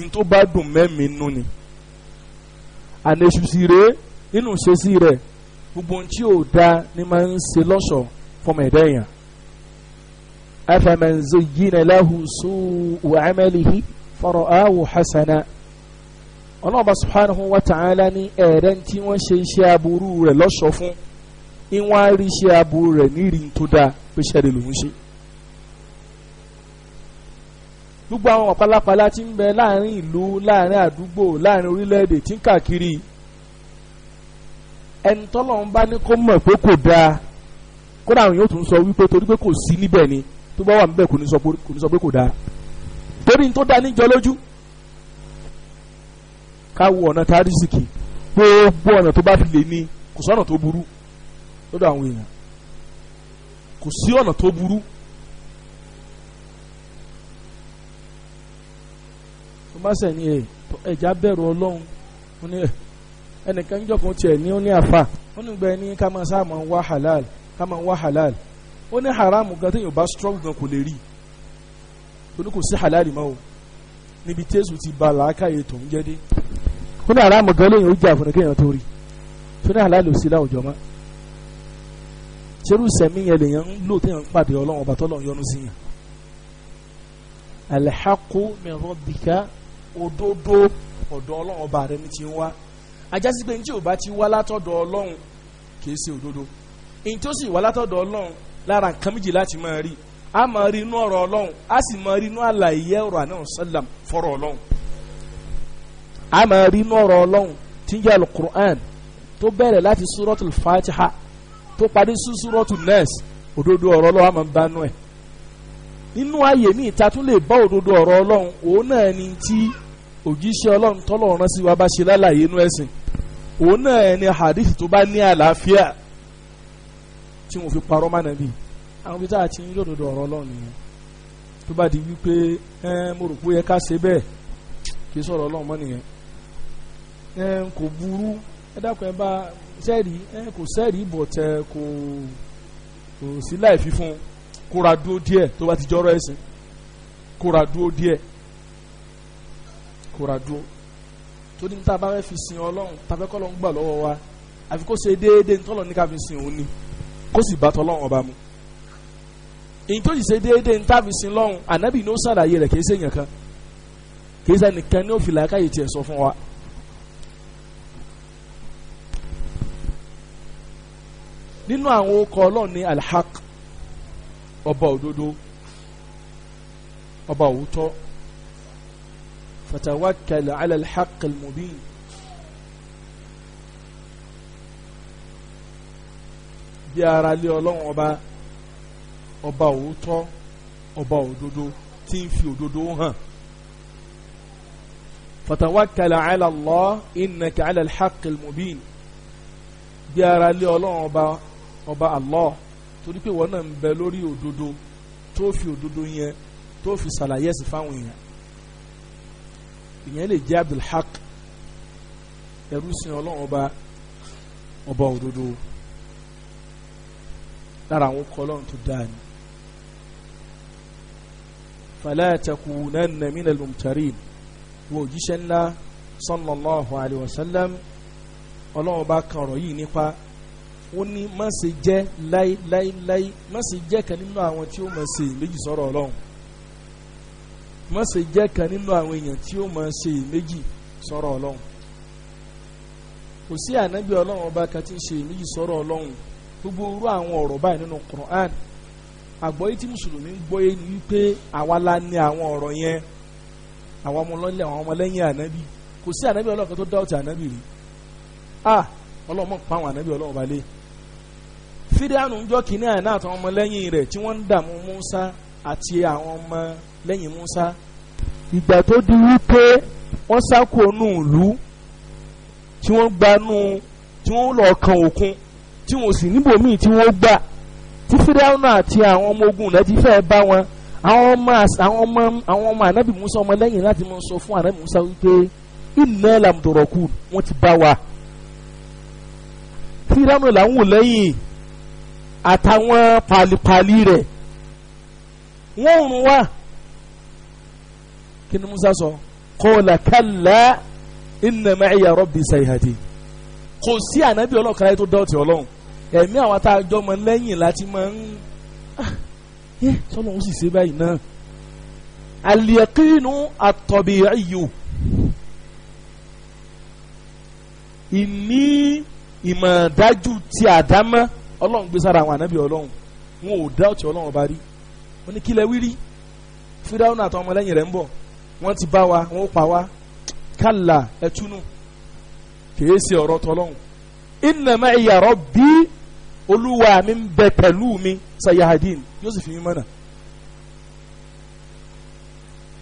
ìtó bá dùn mẹ́mi nù ni ànesùsì rèé nínú ìṣesí rẹ̀ gbogbo ohun tí ò da ni máa ń ṣe lọ́ṣọ̀ọ́ fọmọ ẹ̀dá èèyàn afaman zayyina lahu su'u amalihi fara'ahu hasana ọlọ́ọ̀bá subhanahu wa ta'ala ní ẹ̀rẹ́ tí wọ́n ṣe iṣẹ́ aburú rẹ̀ lọ́ṣọ̀ọ́ fún ìwọ́n á rí iṣẹ́ aburú rẹ̀ nírìí tó dáa pé ṣẹ́ni lòún ṣe gbogbo àwọn pàlàpàlà tí ń bẹ láàrin ìlú láàrin àdúgbò láàrin orílẹ̀-èdè tí ń kàkiri ẹni tọ́lọ̀ ń bá ní kó mọ̀ pé kò dáa kódà àwọn yóò tún sọ wípé torí pé kò sí níbẹ̀ ni tó bá wà níbẹ̀ kò ní sọ pé kò dáa torí tó dá níjọ lójú ká wo ọ̀nà tárísìkì gbogbo ọ̀nà tó bá fi lè ní kò sọ́nà tó burú lọ́dọ̀ àwọn èèyàn kò sí ọ̀nà tó burú bá sẹ̀ ní eh, ẹ̀ ẹ̀já bẹ̀rù ọlọ́run ó ní ẹnìkan jọ̀kan tiẹ̀ ní ó ní àfà ó ní gbẹ ní ká máa sáà máa wá halal ká máa wá halal ó ní haram gan téèyàn bá strong gan kò lè rí ó ní kò sí halal mọ́ o níbi tẹ́sù ti ba làákàyè tó ń jẹ́ dé ó ní haram gan lóyún ó jà kéèyàn tó rí tó ní halal ò láwùjọ mọ́ ṣerú sẹ̀mí yẹn lèèyàn ń lò téèyàn ń pàdé ọlọ́run ọba tọ́lọ́run yọ́nú sí yẹn alhaqqu min rabbika òdodo ọ̀dọ̀ ọlọ́run ọba rẹ ní ti ń wá ajásí pé njẹ́ ò bá ti wá látọ̀dọ̀ ọlọ́run kì í ṣe òdodo èyí tó sì wá látọ̀dọ̀ ọlọ́run lára nǹkan méjì láti máa rí a máa rí inú ọ̀rọ̀ ọlọ́run a sì máa rí inú àlàyé ọ̀rọ̀ àná sálàm fọ̀rọ̀ ọlọ́run a máa rí inú ọ̀rọ̀ ọlọ́run tí ń jẹ́ alukur'an tó bẹ̀rẹ̀ láti suratul fatiha tó parí sí suratul nas òdodo ọ̀rọ̀ ọlọ́run a máa ń bá nú ẹ̀ nínú ayé mi ìta tún lè bá òdodo ọ̀rọ̀ ọlọ́run òun náà ni ti òjíṣẹ́ ọlọ́run tọ́lọ́run rán sí wa bá ṣe lálàyé inú ẹ̀sìn òun náà ẹni hadith tó bá ní àlàáfíà tí mo fi parọ́ mọ́ nàbí àwọn bíi tá a ti ń lòdòdò ọ̀rọ̀ ọlọ́run nìyẹn tó bá di wípé ẹ mo rò pé ó yẹ ká ṣe bẹ́ẹ̀ kì í sọ̀rọ̀ ọlọ́run mọ́ nìyẹn ẹ kò burú ẹ dákun ẹ bá sẹ́ẹ̀rì ẹ kò sẹ́ẹ̀rì bọ̀tẹ̀ kò kò sí láì fífún kóra dúró díẹ̀ tó bá ti jọ́rọ̀ ẹ̀sìn kóra dúró díẹ̀ kóra dúró torí ní tá bá fẹ́ fi sin ọlọ́run tá fẹ́ kọ́ lọ́n gbà lọ́wọ́ wa àfi kó ṣe déédéé ntọ́lọ̀ ní ká fi sin òun ni kó sì bá tọ́lọ́run ọba mu èyí tó sì ṣe déédéé ntá fi sin lọ́run ànábì ní ó ṣàlàyé rẹ̀ kì í ṣe èèyàn kan kì í ṣe nìkan ní òfìlà káyè tiẹ̀ sọ fún wa. nínú àwọn okọ̀ ọlọ́run ní alhaq ọba òdodo ọba òótọ́. فتوكل على الحق المبين bí ara lé ọlọ́run ọba ọba òótọ́ ọba òdodo tí ń fi òdodo hàn فتوكل على الله إنك على الحق المبين bí ara lé ọlọ́run ọba ọba Allah torí pé wọ́n náà ń bẹ lórí òdodo tó fi òdodo yẹn tó fi ṣàlàyé sí fáwọn èèyàn ìyẹn lè jẹ́ abdulhaq ẹrú sin ọlọ́run ọba ọba òdodo lára àwọn kọ́ ọlọ́run tó dáa ni fala takunanna minal mumtarin wo òjíṣẹ́ ńlá sallallahu alayhi wa sallam ọlọ́run ọba kan ọ̀rọ̀ yìí nípa ó ní má ṣe jẹ́ láíláíláí má ṣe jẹ́ kan nínú àwọn tí ó má ṣe méjì sọ̀rọ̀ ọlọ́run má ṣe jẹ́ kan nínú àwọn èèyàn tí ó máa ṣe méjì sọ̀rọ̀ ọlọ́run kò sí ànábì ọlọ́run ọba kan tí ń ṣe méjì sọ̀rọ̀ ọlọ́run gbogbo irú àwọn ọ̀rọ̀ báyìí nínú Quran àgbọ́yé tí mùsùlùmí ń gbọ́yé ni wípé àwa la ní àwọn ọ̀rọ̀ yẹn àwọn ọmọlọ́lẹ̀ àwọn ọmọlẹ́yìn ànábì kò sí ànábì ọlọ́run kan tó dá ọ̀tí ànábì rí ah ọlọ́run mọ̀ pa àwọn ànábì ọlọ́run ọba lé fídíàánù ń jọ́ kínní àná àtàwọn ọmọlẹ́yìn rẹ̀ tí lẹ́yìn Musa ìgbà tó di wípé wọ́n sáko nù ìlú tí wọ́n gbanú tí wọ́n lọ kan òkun tí wọ́n sì níbòmíì tí wọ́n gbà tí fíráúnà àti àwọn ọmọ ogun rẹ̀ ti fẹ́ bá wọn àwọn ọmọ àwọn ọmọ àwọn ọmọ anabi Musa ọmọ lẹ́yìn láti mọ sọ fún anabi Musa wípé iná làmùdọ̀rọ̀kù wọ́n ti bá wa fíráúnà là wò lẹ́yìn àtàwọn pàlípàlí rẹ̀ wọ́n rún wa kí ni Musa sọ kọ́ọ̀lá kálá inna ma'iya rabbi sayhadi kò sí ànábì ọlọ́kàrá tó dọ̀tí ọlọ́run ẹ̀mí àwọn atájọ́ mọ lẹ́yìn láti máa ń ah, yẹ sọ́nà ó sì ṣe báyìí náà aliyakinu atọ̀bìyàyò ìní ìmọ̀dájú ti àdámọ́ ọlọ́run gbé sára àwọn ànábì ọlọ́run wọn ò dọ̀tí ọlọ́run ọba rí wọn ní kílẹ̀ wírí fídáwọn àtàwọn ọmọ rẹ̀ ń bọ̀ wọ́n ti bá wa wọ́n pa wa kálá ẹ̀túnú kìí ṣe ọ̀rọ̀ tọ́lọ́hún inna ma'iya rabbi olúwa mi ń bẹ pẹ̀lú mi sayahadin yóò sì fi mí mọ́nà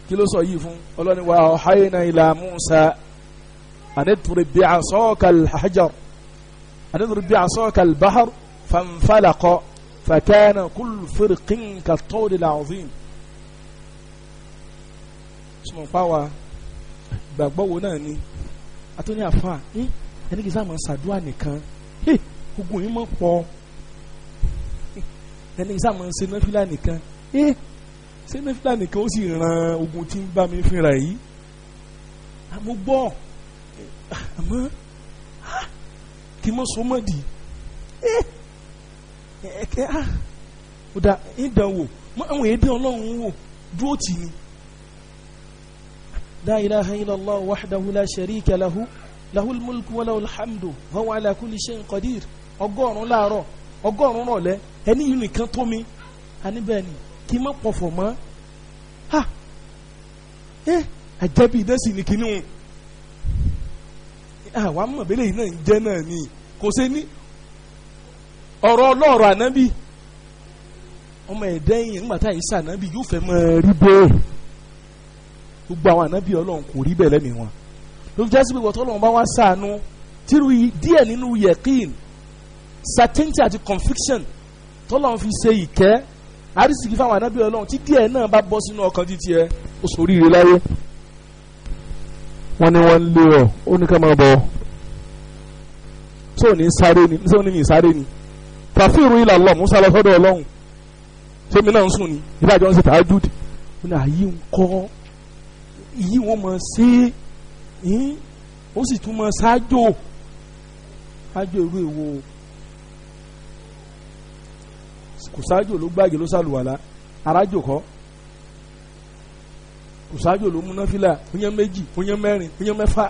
kí ló sọ yìí fún ọlọ́ni wa ọ̀háyìnà ilà musa anituri hajar anituri bi asọ́ọ̀kàl bahar fanfalakọ fakana kullu firqin ka tawdil azim sọmọ pàwà gbàgbọ́ wo náà ni àtúnyẹ àfa hm, ẹni kì í sáà máa ṣàdúrà nìkan ogun yìí máa pọ̀ ẹni kì í sáà máa ṣe náfìlà nìkan ṣe náfìlà nìkan ó sì ran ogun tí ń bá mi fínra yìí àmọ́ gbọ́ àmọ́ kì í mọ̀ sọ́mọ́dì ẹ̀ẹ́kẹ́ ah ó dà ń dàn wò àwọn èdè ọlọ́run wò dúró tì ní. لا إله إلا الله وحده لا شريك له له الملك وله الحمد وهو على كل شيء قدير ọgọ́rùn-ún láàárọ̀ ọgọ́rùn-ún rọ̀lẹ́ ẹni yìí nìkan tó mi àníbẹ̀ ni kí n má pọ̀fọ̀ mọ́ ha ẹ àjẹbí ìdẹ́sì ni kìíní wọn àwa mọ̀ bẹ́lẹ̀ yìí náà ń jẹ́ náà ni kò ṣe ní ọ̀rọ̀ ọlọ́ọ̀rọ̀ ànábì ọmọ ẹ̀dẹ́yìn ńgbà táyì sànábì yóò fẹ́ mọ́ rí bẹ́ẹ̀ gbogbo àwọn ànábì ọlọ́run kò rí bẹ́ẹ̀ lẹ́mìí wọn ló fi jásí pé wọ́n tọ́lọ́run bá wá sàánú tírú díẹ̀ nínú yẹ̀kín certainty àti conviction tọ́lọ́run fi ṣe ìkẹ́ àrísìkí fáwọn ànábì ọlọ́run tí díẹ̀ náà bá bọ́ sínú ọkàn títí ẹ ó sọ oríire láyé wọ́n ní wọ́n lé ọ ó ní ká máa bọ̀ tó ní sáré ni tó ní ní sáré ni fàfihàn ilà lọ musa lọ sọ́dọ̀ ọlọ́run tèmi náà ń sùn ní ìbájọ ṣe tàájú ó ní ààyè ń kọ́ èyí wọn mọ̀ ṣe é ó sì tún mọ̀ ṣáájò ṣáájò irú èwo kò ṣáájò ló gbàgé ló ṣàlùwàlà arájò kọ́ kò ṣáájò ló múná fílà fúnyẹ́ méjì fúnyẹ́ mẹ́rin fúnyẹ́ mẹ́fà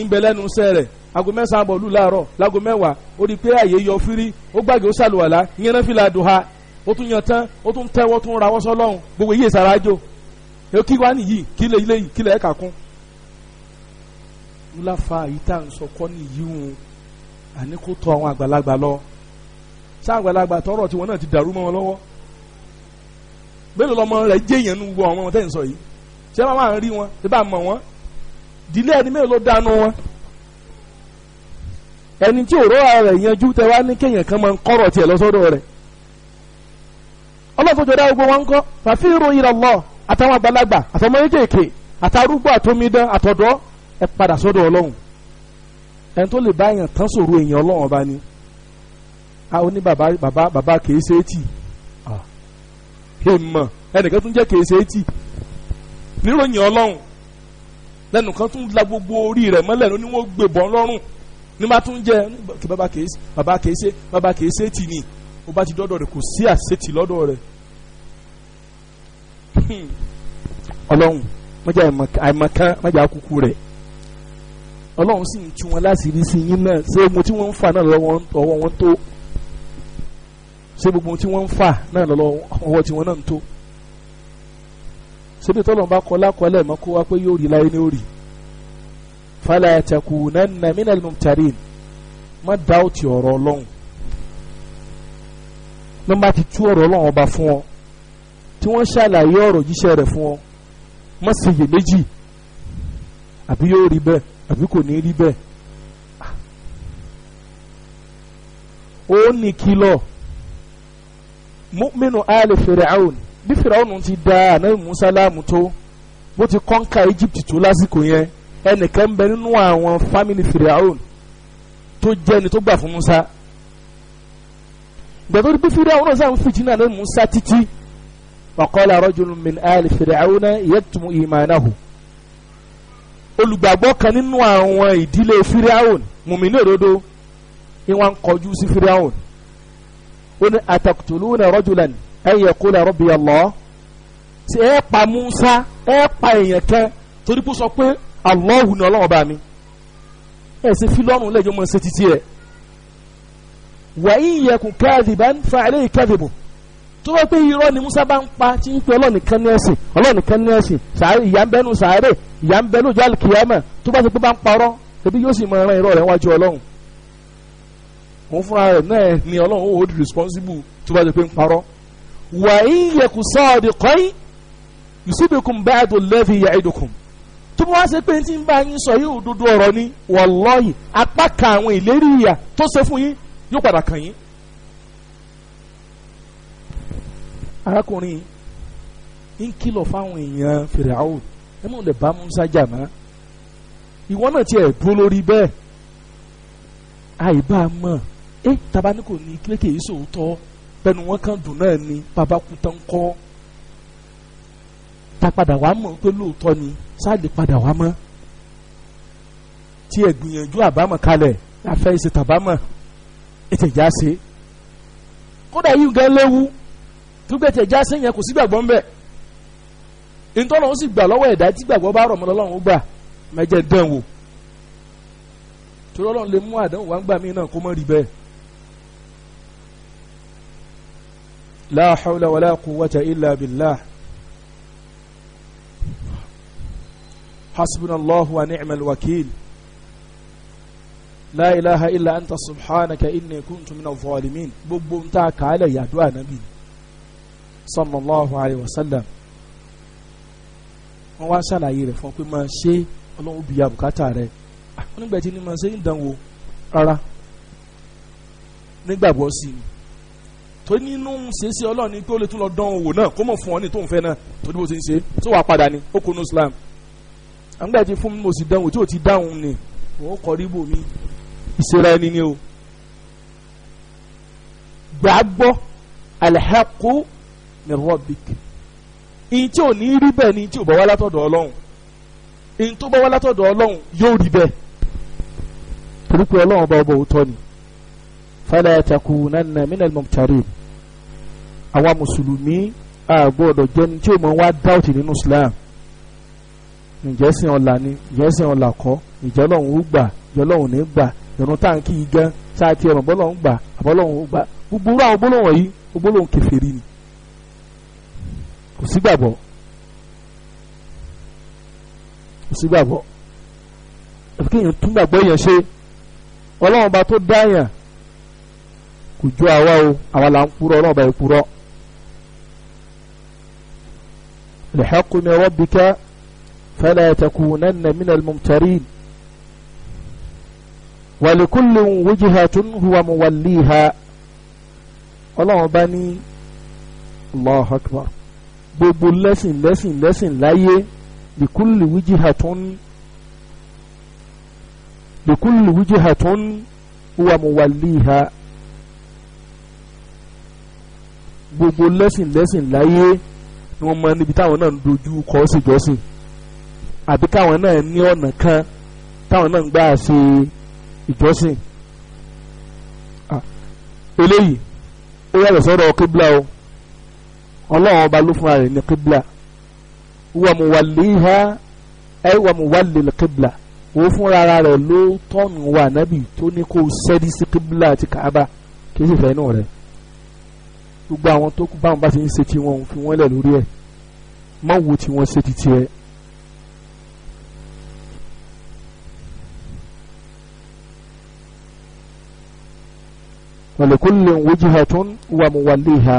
ń bẹ lẹ́nu iṣẹ́ rẹ̀ aago mẹ́sàn-án bọ̀ lù láàárọ̀ láago mẹ́wàá ó di pé àyè yọ fírí ó gbàgé ó ṣàlùwàlà yẹn náà fílà dùn ha ó tún yan tán ó tún tẹ́wọ́ tún rawọ́ sọ́lọ́hún gbogbo yíyẹ sàrájò yóò kí wá nìyí kí lè ilé yìí kí lè ẹ̀ka kún wúláfà yìí tá à ń sọ kọ́ nìyí òun àní kó tọ àwọn àgbàlagbà lọ sá àgbàlagbà tọrọ tiwọn náà ti dàrú mọ́ wọn lọ́wọ́ mélòó lọmọ rẹ jẹyàn nu wọ ọmọ tẹ́ ń sọ yìí ṣé bá máa ń rí wọn ṣé bá mọ̀ wọn dílé ẹni mélòó ló dánú wọn ẹni tí òró rẹ̀ yanjú tẹ wá ní kéèyàn kan máa ń kọ́rọ̀ tiẹ̀ lọ́sọ́dọ̀ rẹ̀ ọlọ́fọ̀jọ̀dá gbogbo wọn ń kọ́ fàfihàn ìrànlọ́ọ̀ àtàwọn àgbàlagbà àtọmọ kéékèèké àtàrúgbó àtọmídán àtọ̀dọ́ ẹ padà sọ́dọ̀ ọlọ́run ẹni tó lè bá èèyàn tán sòrò èèyàn ọlọ́run ọba ni a ó ní bàbá bàbá bàbá kèé ṣe é tì èèmọ̀ ẹnìkan tún jẹ́ kèé ṣe é tì níròyìn ọlọ́run lẹ́nu kan tún la gbogbo orí rẹ̀ mọ́lẹ̀ ní wọ́n gbé bọ́n lọ́rùn ní bá tún jẹ́ bàbá kèé ṣe bàbá kèé ṣe bàbá tì ni ó bá ti dọ́dọ̀ rẹ̀ kò sí àṣetì lọ́dọ̀ rẹ̀ ọlọ́run mọ́jà àìmọ̀kan mọ́jà kúkú rẹ̀ ọlọ́run sì ń tú wọn láti rí sí yín náà ṣé mo tí wọ́n ń fà náà lọ́wọ́ wọn tó ṣé gbogbo tí wọ́n ń fà náà lọ́wọ́ ọwọ́ tí wọ́n náà ń tó ṣé bí tọ́lọ́run bá kọ́ lákọ́lẹ̀ mọ́ kó wá pé yóò rí láyé ní òrì fala takunanna minal mumtarin má dáwọ́ ti ọ̀rọ̀ ọlọ́run lọ́n bá ti tú ọ̀rọ̀ ọlọ́run ọba fún ọ tí wọ́n ṣàlàyé ọ̀rọ̀ jíṣẹ́ rẹ̀ fún ọ má ṣe yè méjì àbí yóò rí bẹ́ẹ̀ àbí kò ní rí bẹ́ẹ̀ ó ní kìlọ̀ mu'minu ali firaun bí firaun ti da anabi musa láàmú tó bó ti kọ́ńkà egypt tó lásìkò yẹn ẹnìkan ń bẹ nínú àwọn fámìlì firaun tó jẹ́ ẹni tó gbà fún musa gbẹ̀dọ́ bí firaun náà sáà fìjì náà anabi musa títí wàkọ́lá رجل من آل فرعون yẹtùmù إيمانه. olùgbàgbọ́ kan nínú àwọn ìdílé fìrìhàwùn mùmínú òdodo ni wọ́n ń kọjú sí fìrìhàwùn ó ní àtàkùtùlùnà rọ́jùlàn ẹ̀yẹ kólà rọ́bì ọ̀lọ́ ṣe ẹ̀ pa Musa ẹ̀ pa èèyàn kẹ́ torí kó sọ pé Allahu ni ọlọ́wọ́ bá mi ẹ̀ ṣe fílọ́ọ̀nù lẹ́jọ́ mọ́ ṣe títí ẹ̀ wàyí yẹkùn kẹ́ẹ̀dì bá ń fa àlẹ́ ìkẹ́ẹ̀dì bò tó wọ́n pé irọ́ ni Musa bá ń pa tí ń pe ọlọ́nìkan ní ẹ̀sìn ọlọ́nìkan ní ẹ̀sìn ìyá ń bẹ nù sàárè ìyá ń bẹ lójú àlùkìyàmọ̀ tó bá ti pé bá ń parọ́ ebi yóò sì mọ ẹran irọ́ rẹ̀ wájú ọlọ́run òun fúnra rẹ̀ náà ni ọlọ́run ó hold responsible tó bá ti pé ń parọ́. wà á yẹ kù sọ́ọ̀dì kọ́yìn yusufikun báàdù lẹ́fì yaidukun tó bá wá ṣe pé tí ń bá yín sọ yóò dodo ọ̀rọ̀ ni wallahi apá kan àwọn ìlérí ìyà tó ṣe fún yín yóò padà kàn yín arákùnrin ń kìlọ̀ fáwọn èèyàn fèrèáwò ẹ mọ̀ lè bá musa jà mọ́ ìwọ náà tiẹ̀ dúró lórí bẹ́ẹ̀ àìbá mọ̀ ẹ taba ní kò ní kékeré sòótọ́ bẹ́ẹ̀ni wọ́n kàn dùn náà ni bàbá kú tán kọ́ ta padà wá mọ̀ pé lóòótọ́ ni sáàlì padà wá mọ́ tiẹ̀ gbìyànjú àbámọ̀ kalẹ̀ afẹ́ ìṣètàbámọ̀ ètè se kódà yìí gan léwu pípẹ́ tẹ̀ já sí yẹn kò sí gbàgbọ́ ńbẹ ntọ́nà ó sì gbà lọ́wọ́ ẹ̀dá tí gbàgbọ́ bá rọ̀ mọ́ lọ́lọ́run ó gbà mẹ́jẹ̀ dán wò torí ọlọ́run lè mú àdánwò wá ń gbà mí náà kó mọ́ rí bẹ́ẹ̀. la hawla wala quwwata illa billah hasbunallahu wa ni'mal wakil la ilaha anta subhanaka inni kuntu minadh-dhalimin gbogbo ń ta kàálẹ̀ yàdó ànábì sallallahu alayhi wa sallam wọ́n wá ṣàlàyé rẹ̀ fún pé máa ṣe ọlọ́run bìyà bùkátà rẹ̀ onígbà ah, tí ni máa ṣe ń dánwò rárá nígbàgbọ́ sí i tó nínú ṣeéṣe ọlọ́run ni pé ó lè tún lọ dán owó náà kó mọ̀ fún ọ ní tóun fẹ́ náà tó ní bó ti ń ṣe tó wàá padà ní ó ní Islam àgbà fún mi mo sì dánwò tí ò ti dáhùn ni òun kọ rí bò mí ìṣera ẹni ni o gbàgbọ́ alhaku min rabbik ìyìn tí ò ní rí bẹ́ẹ̀ ni tí ò bá wá látọ̀dọ̀ ọlọ́run ìyìn tó bá wá látọ̀dọ̀ ọlọ́run yóò rí bẹ́ẹ̀ torí pé ọlọ́run bá ọba òótọ́ ni fala takunanna minal mumtarin àwa mùsùlùmí a gbọ́dọ̀ jẹ́ni tí ó mọ̀ wá dáùtì nínú Islam ǹjẹ́ sìn ọ̀la ni ǹjẹ́ sìn ọ̀la kọ́ ǹjẹ́ ọlọ́run ó gbà ǹjẹ́ ọlọ́run ní gbà ìrun táǹkì yìí gan sáà tí ẹ̀rọ̀ bọ́lọ́run gbà àbọ́lọ́run ó gbà gbogbo àwọn gbólóhùn yìí gbólóhùn kèfèrí ni kò sígbàgbọ́ kò sígbàgbọ́ kí èèyàn tún gbàgbọ́ èèyàn ṣe ọlọ́run bá tó dá èèyàn kò ju àwa o àwa là ń purọ́ ọlọ́run bá yẹ purọ́ lẹ́xẹ́kù ni rabbika fala takunanna minal mumtarin wa likulli wujhatun huwa muwalliha ọlọ́run bá ní gbogbo lẹ́sìn lẹ́sìn lẹ́sìn láyé lìkúlù wíjìhàtún lìkúlù wíjìhàtún wà mùwàlíhà gbogbo lẹ́sìn lẹ́sìn láyé ni wọ́n máa níbi táwọn náà ń dojú kọ síjọ́sìn àbí káwọn náà ní ọ̀nà kan táwọn náà ń gbà ṣe ìjọ́sìn eléyìí ó yàtọ̀ sọ́dọ̀ kíbla o ọlọ́run ọba ló fúnra rẹ̀ ní kíbla wà mú wà léha ẹ wà mú wà lè kíbla wò fúnra rẹ̀ ló tọ́nù wà nábì tó ní kó sẹ́dí sí kíbla àti kàába kí sì fẹ́ inú rẹ̀ gbogbo àwọn tó kú báwọn bá ti ń ṣe tí wọn fi wọn lẹ̀ lórí ẹ̀ má wo tí wọ́n ṣe ti tiẹ̀. ولكل وجهة وموليها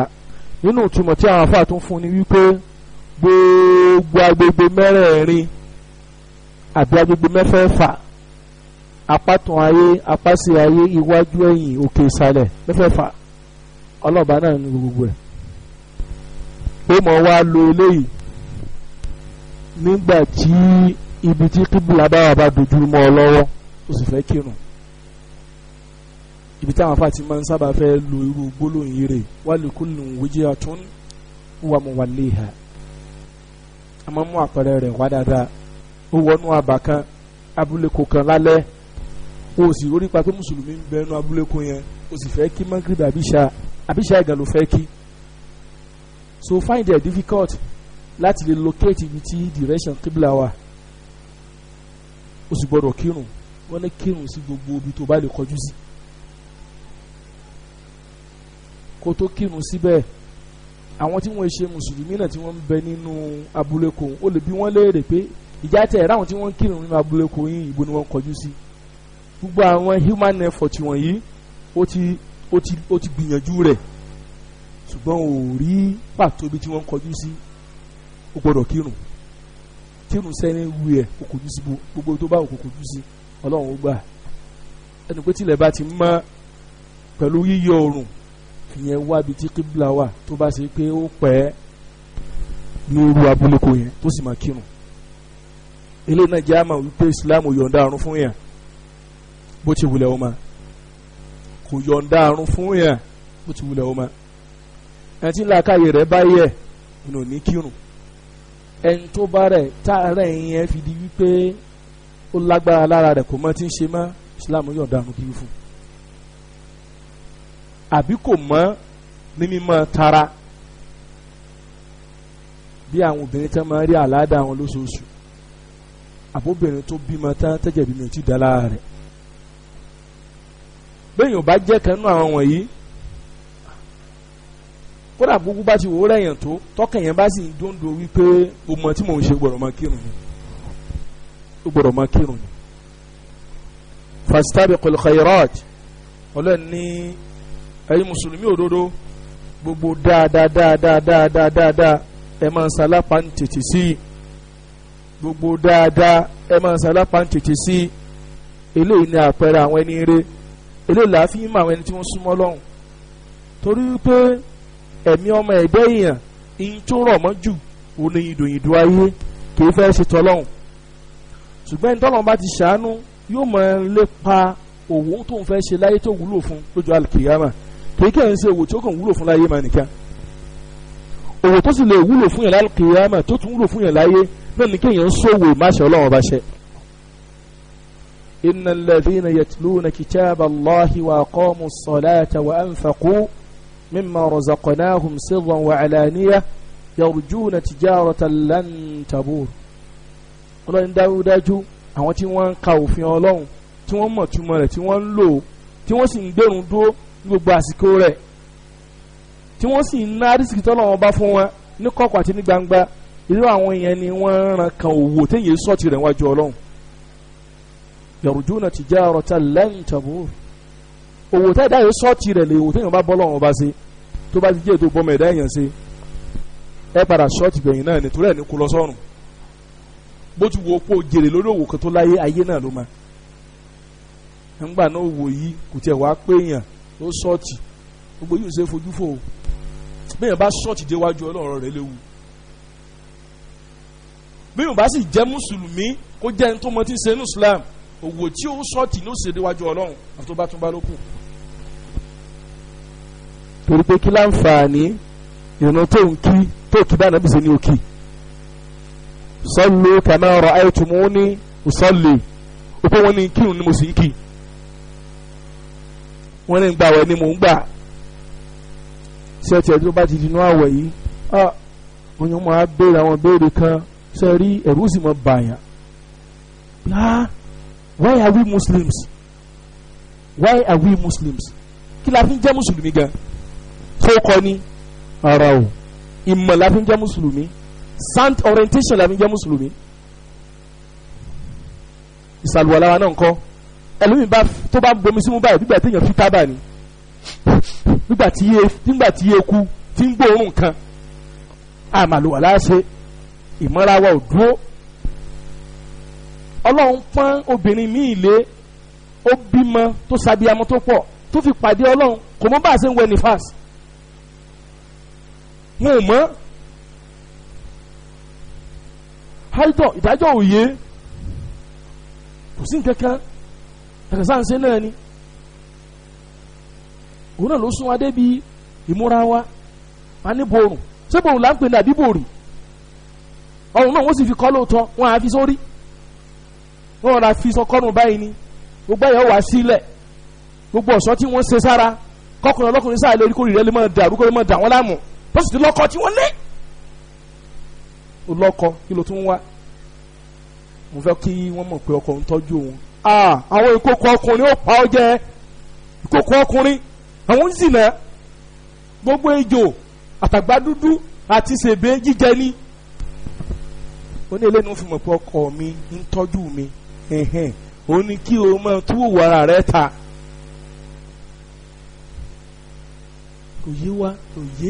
nínú ìtumọ̀ tí àwọn afáà tún fún ni wípé gbogbo agbègbè mẹ́rẹ̀ẹ̀rin àbí agbègbè mẹ́fẹ̀ẹ̀fà apátàn ayé apásẹ̀ ayé iwájú ẹ̀yìn òkè ìsàlẹ̀ mẹ́fẹ̀ẹ̀fà ọlọ́ọ̀bá náà ní gbogbo ẹ̀ ó mọ̀ wá lo eléyìí nígbà tí ibi tí kíbùlà bá wà bá dojú mọ́ ọ lọ́wọ́ ó sì fẹ́ kírun ibi táwọn afa ti máa ń sábà fẹ́ lo irú gbólóhùn yìí rè wálìkúlù wíjì àtún wà mú wà léha a máa mú àpẹẹrẹ rẹ̀ wá dáadáa ó wọnú àbá kan abúléko kan lálẹ́ o sì rí pa pé mùsùlùmí ń bẹnu abúléko yẹn o sì fẹ́ kí mọ́gírìbì àbíṣà àbíṣà ẹ̀gàn ló fẹ́ kí so find it difficult láti lè locate ibi tí direction kibla wà o sì gbọdọ̀ kírun wọ́n ní kírun sí gbogbo ibi tó bá lè kọjú sí. Si kó tó kírun síbẹ̀ àwọn tí wọ́n ṣe mùsùlùmí náà tí wọ́n ń bẹ nínú abúlé kò ó lè bí wọ́n léèrè pé ìjà tẹ̀ ẹ̀rọ àwọn tí wọ́n ń kírun nínú abúlé kò yín ìbò ni wọ́n kọjú sí gbogbo àwọn human effort wọ̀nyí ó ti ó ti ó ti gbìyànjú rẹ̀ ṣùgbọ́n ò rí pàtó ibi tí wọ́n kọjú sí ó gbọ́dọ̀ kírun kírun sẹ́ni wù ẹ̀ kò kọjú sí gbogbo tó bá wù kò kọjú sí ọlọ́run ó gbà ẹnu pé tilẹ̀ bá ti mọ́ pẹ̀lú yíyọ oòrùn yẹn wábi tí kíbla wà tó bá ṣe pé ó pẹ́ ní irú abúlékò yẹn tó sì máa kírun eléyìí náà jẹ́ àmà wípé Islam yọ̀ǹda àrùn fún yẹn bó ti wulẹ̀ ọmọ kò yọ̀ǹda àrùn fún yẹn bó ti wulẹ̀ ọmọ ẹni tí làákàyè rẹ̀ bá yẹ ìnà ní kírun ẹni tó bá rẹ̀ táàrẹ̀ yẹn fi di wípé ó lágbára lára rẹ̀ kò mọ́ ti ń ṣe mọ́ Islam yọ̀ǹda àrùn kiri fún un àbí kò mọ́ ní mímọ́ tara bí àwọn obìnrin tán máa rí àládà àwọn lóṣooṣù àbóbìnrin tó bímọ tán tẹ́jẹ̀ bímọ tí dá lára rẹ̀ bẹ́ẹ̀ yóò bá jẹ́ kanú àwọn wọ̀nyí kódà gbogbo bá ti wò ó rẹ̀yàn tó tọkàn bá sì ń dóńdó wípé o mọ tí mò ń ṣe gbọ́dọ̀ máa kírun ni o gbọ́dọ̀ máa kírun ni fastabiqul khairat ọlọ́ọ̀ni ẹ̀yin mùsùlùmí òdodo gbogbo dáadáa dáadáa dáadáa dáadáa ẹ máa ń salápa ń tètè sí i gbogbo dáadáa ẹ máa ń salápa ń tètè sí i eléyìí ni àpẹẹrẹ àwọn ẹni rẹ eléyìí làá fi ń mọ àwọn ẹni tí wọ́n súnmọ́ lọ́hùn torí pé ẹ̀mí ọmọ ẹ̀dẹ́ èèyàn ìyìn tó rọ̀ mọ́ jù òun ni ìdòyìndò ayé kì í fẹ́ ṣe tọ́lọ́hùn ṣùgbọ́n ìtọ́lọ́hùn bá ti ṣàánú yóò mọ̀ ẹ́ lépa òwò tó ń fẹ́ ṣe láyé tó wúlò fún lójú àlùkìyàmà kìí kẹ́ ẹ̀ ń ṣe òwò tí ó kàn wúlò fún láyé máa nìkan òwò tó sì lè wúlò fún yàn lálùkìyàmà tó tún wúlò fún yàn láyé náà ní kéèyàn ń ṣòwò máṣe ọlọ́run bá ṣe. inna alladhina yatluna kitaba allahi wa aqamu salata wa anfaqu mimma razaqnahum sirran wa alaniya yarjuna tijaratan lan tabur. ọlọ́run dájúdájú àwọn tí wọ́n ń ka òfin ọlọ́run tí wọ́n mọ̀ túmọ̀ rẹ̀ tí wọ́n ń lò tí wọ́n sì ń gbẹ̀rún dúró ní gbogbo àsìkò rẹ̀ tí wọ́n sì ń ná àdìsíkì tọ́lọ̀ wọn bá fún wọn ní kọ̀kọ̀ àti ní gbangba irú àwọn èèyàn ni wọ́n ran kan òwò téèyàn sọ̀tì rẹ̀ wájú ọlọ́run yarjuna tijaratan lan tabur òwò tá ìdá yìí sọ́ọ̀tì rẹ̀ lè òwò téèyàn bá bọ́ lọ́wọ́ bá ṣe tó bá ti jẹ́ ètò bọ́mọ ẹ̀dá èèyàn ṣe ẹ padà sọ́ọ̀tì gbẹ̀yìn náà nítorí ẹ̀ ní kú lọ sọ́run bó ti wo pé o jèrè lórí òwò kan tó láyé ayé náà ló ma ńgbà náà òwò yìí kò tiẹ̀ wá pé èèyàn tó sọ́ọ̀tì gbogbo yìí ń ṣe fojú fò bẹ́ẹ̀ bá sọ́ọ̀tì déwájú ọlọ́run rẹ̀ léwu bí yóò bá sì jẹ́ mùsùlùmí kó jẹ́ ẹni tó mọ tí ń ṣe ní islam òwò tí ó sọ́ọ̀tì ní òṣèré déwájú ọlọ́run àti bá tún bá ló torí pé kí láǹfààní ìrìnà tó ń kí tó kí dáná bí ṣe ní òkì sọ́ọ̀lù kàmá ọ̀rọ̀ àìtùmọ́ ní ìsọ̀lù òpó wọn ni kírun ni mo sì ń kí wọ́n ní gbàwẹ̀ ni mò ń gbà ṣe tiẹ̀ tó bá ti dinú àwẹ̀ yìí ọyàn mọ̀ á àwọn béèrè kan ṣe rí ẹ̀rú sì mọ̀ bàyàn ah why are we Muslims why are we Muslims kí la fi ń jẹ́ mùsùlùmí gan tó kọ́ ni ara o ìmọ̀ la fi ń jẹ́ mùsùlùmí sound orientation la fi ń jẹ́ mùsùlùmí ìsàlùwàlà wa náà ń kọ́ ẹlòmíì bá tó bá ń bomi símú báyìí nígbà tí èèyàn fi tábà ni nígbà tí yé e- nígbà tí yé e ku tí ń gbóòórùn kan àmàlùwà láṣẹ ìmọ̀ra wa ò dúró ọlọ́run pọ́n obìnrin míì lé ó bímọ tó sabiamọ tó pọ̀ tó fi pàdé ọlọ́run kò mọ bá a ṣe ń wẹ ní fas wọn ò mọ haitọ ìdájọ́ òye kò sí nǹkan kan àkàsáǹsẹ́ náà ni òun náà ló sún wa débi ìmúra wa a ní borùn ṣé borùn là ń pè ní àbí borùn ọ̀hún náà wọ́n sì fi kọ́ lóòótọ́ wọn á fi sórí wọn rà fi sọkọ́nù báyìí ni gbogbo ẹ̀yọ́ wá sílẹ̀ gbogbo ọ̀ṣọ́ tí wọ́n ṣe sára kọkùnrin ọlọ́kùnrin sáà lórí kórìí rẹ lè máa dà àrúkọ lè máa dà wọ́n láàmú bọ́sì ti lọ́kọ tí wọ́n lé olọ́kọ kí ló tún wá mo fẹ́ kí wọ́n mọ̀ pé ọkọ ń tọ́jú òun àwọn ìkókó ọkùnrin ó pa ọ́ jẹ ìkókó ọkùnrin àwọn ń zìnà gbogbo ejò àtàgbà dúdú àti sèbè jíjẹ ní. ó ní eléyìí ló fi mọ̀ pé ọkọ mi ń tọ́jú mi ó ní kí o máa tú òwò ara rẹ ta. òye wa òye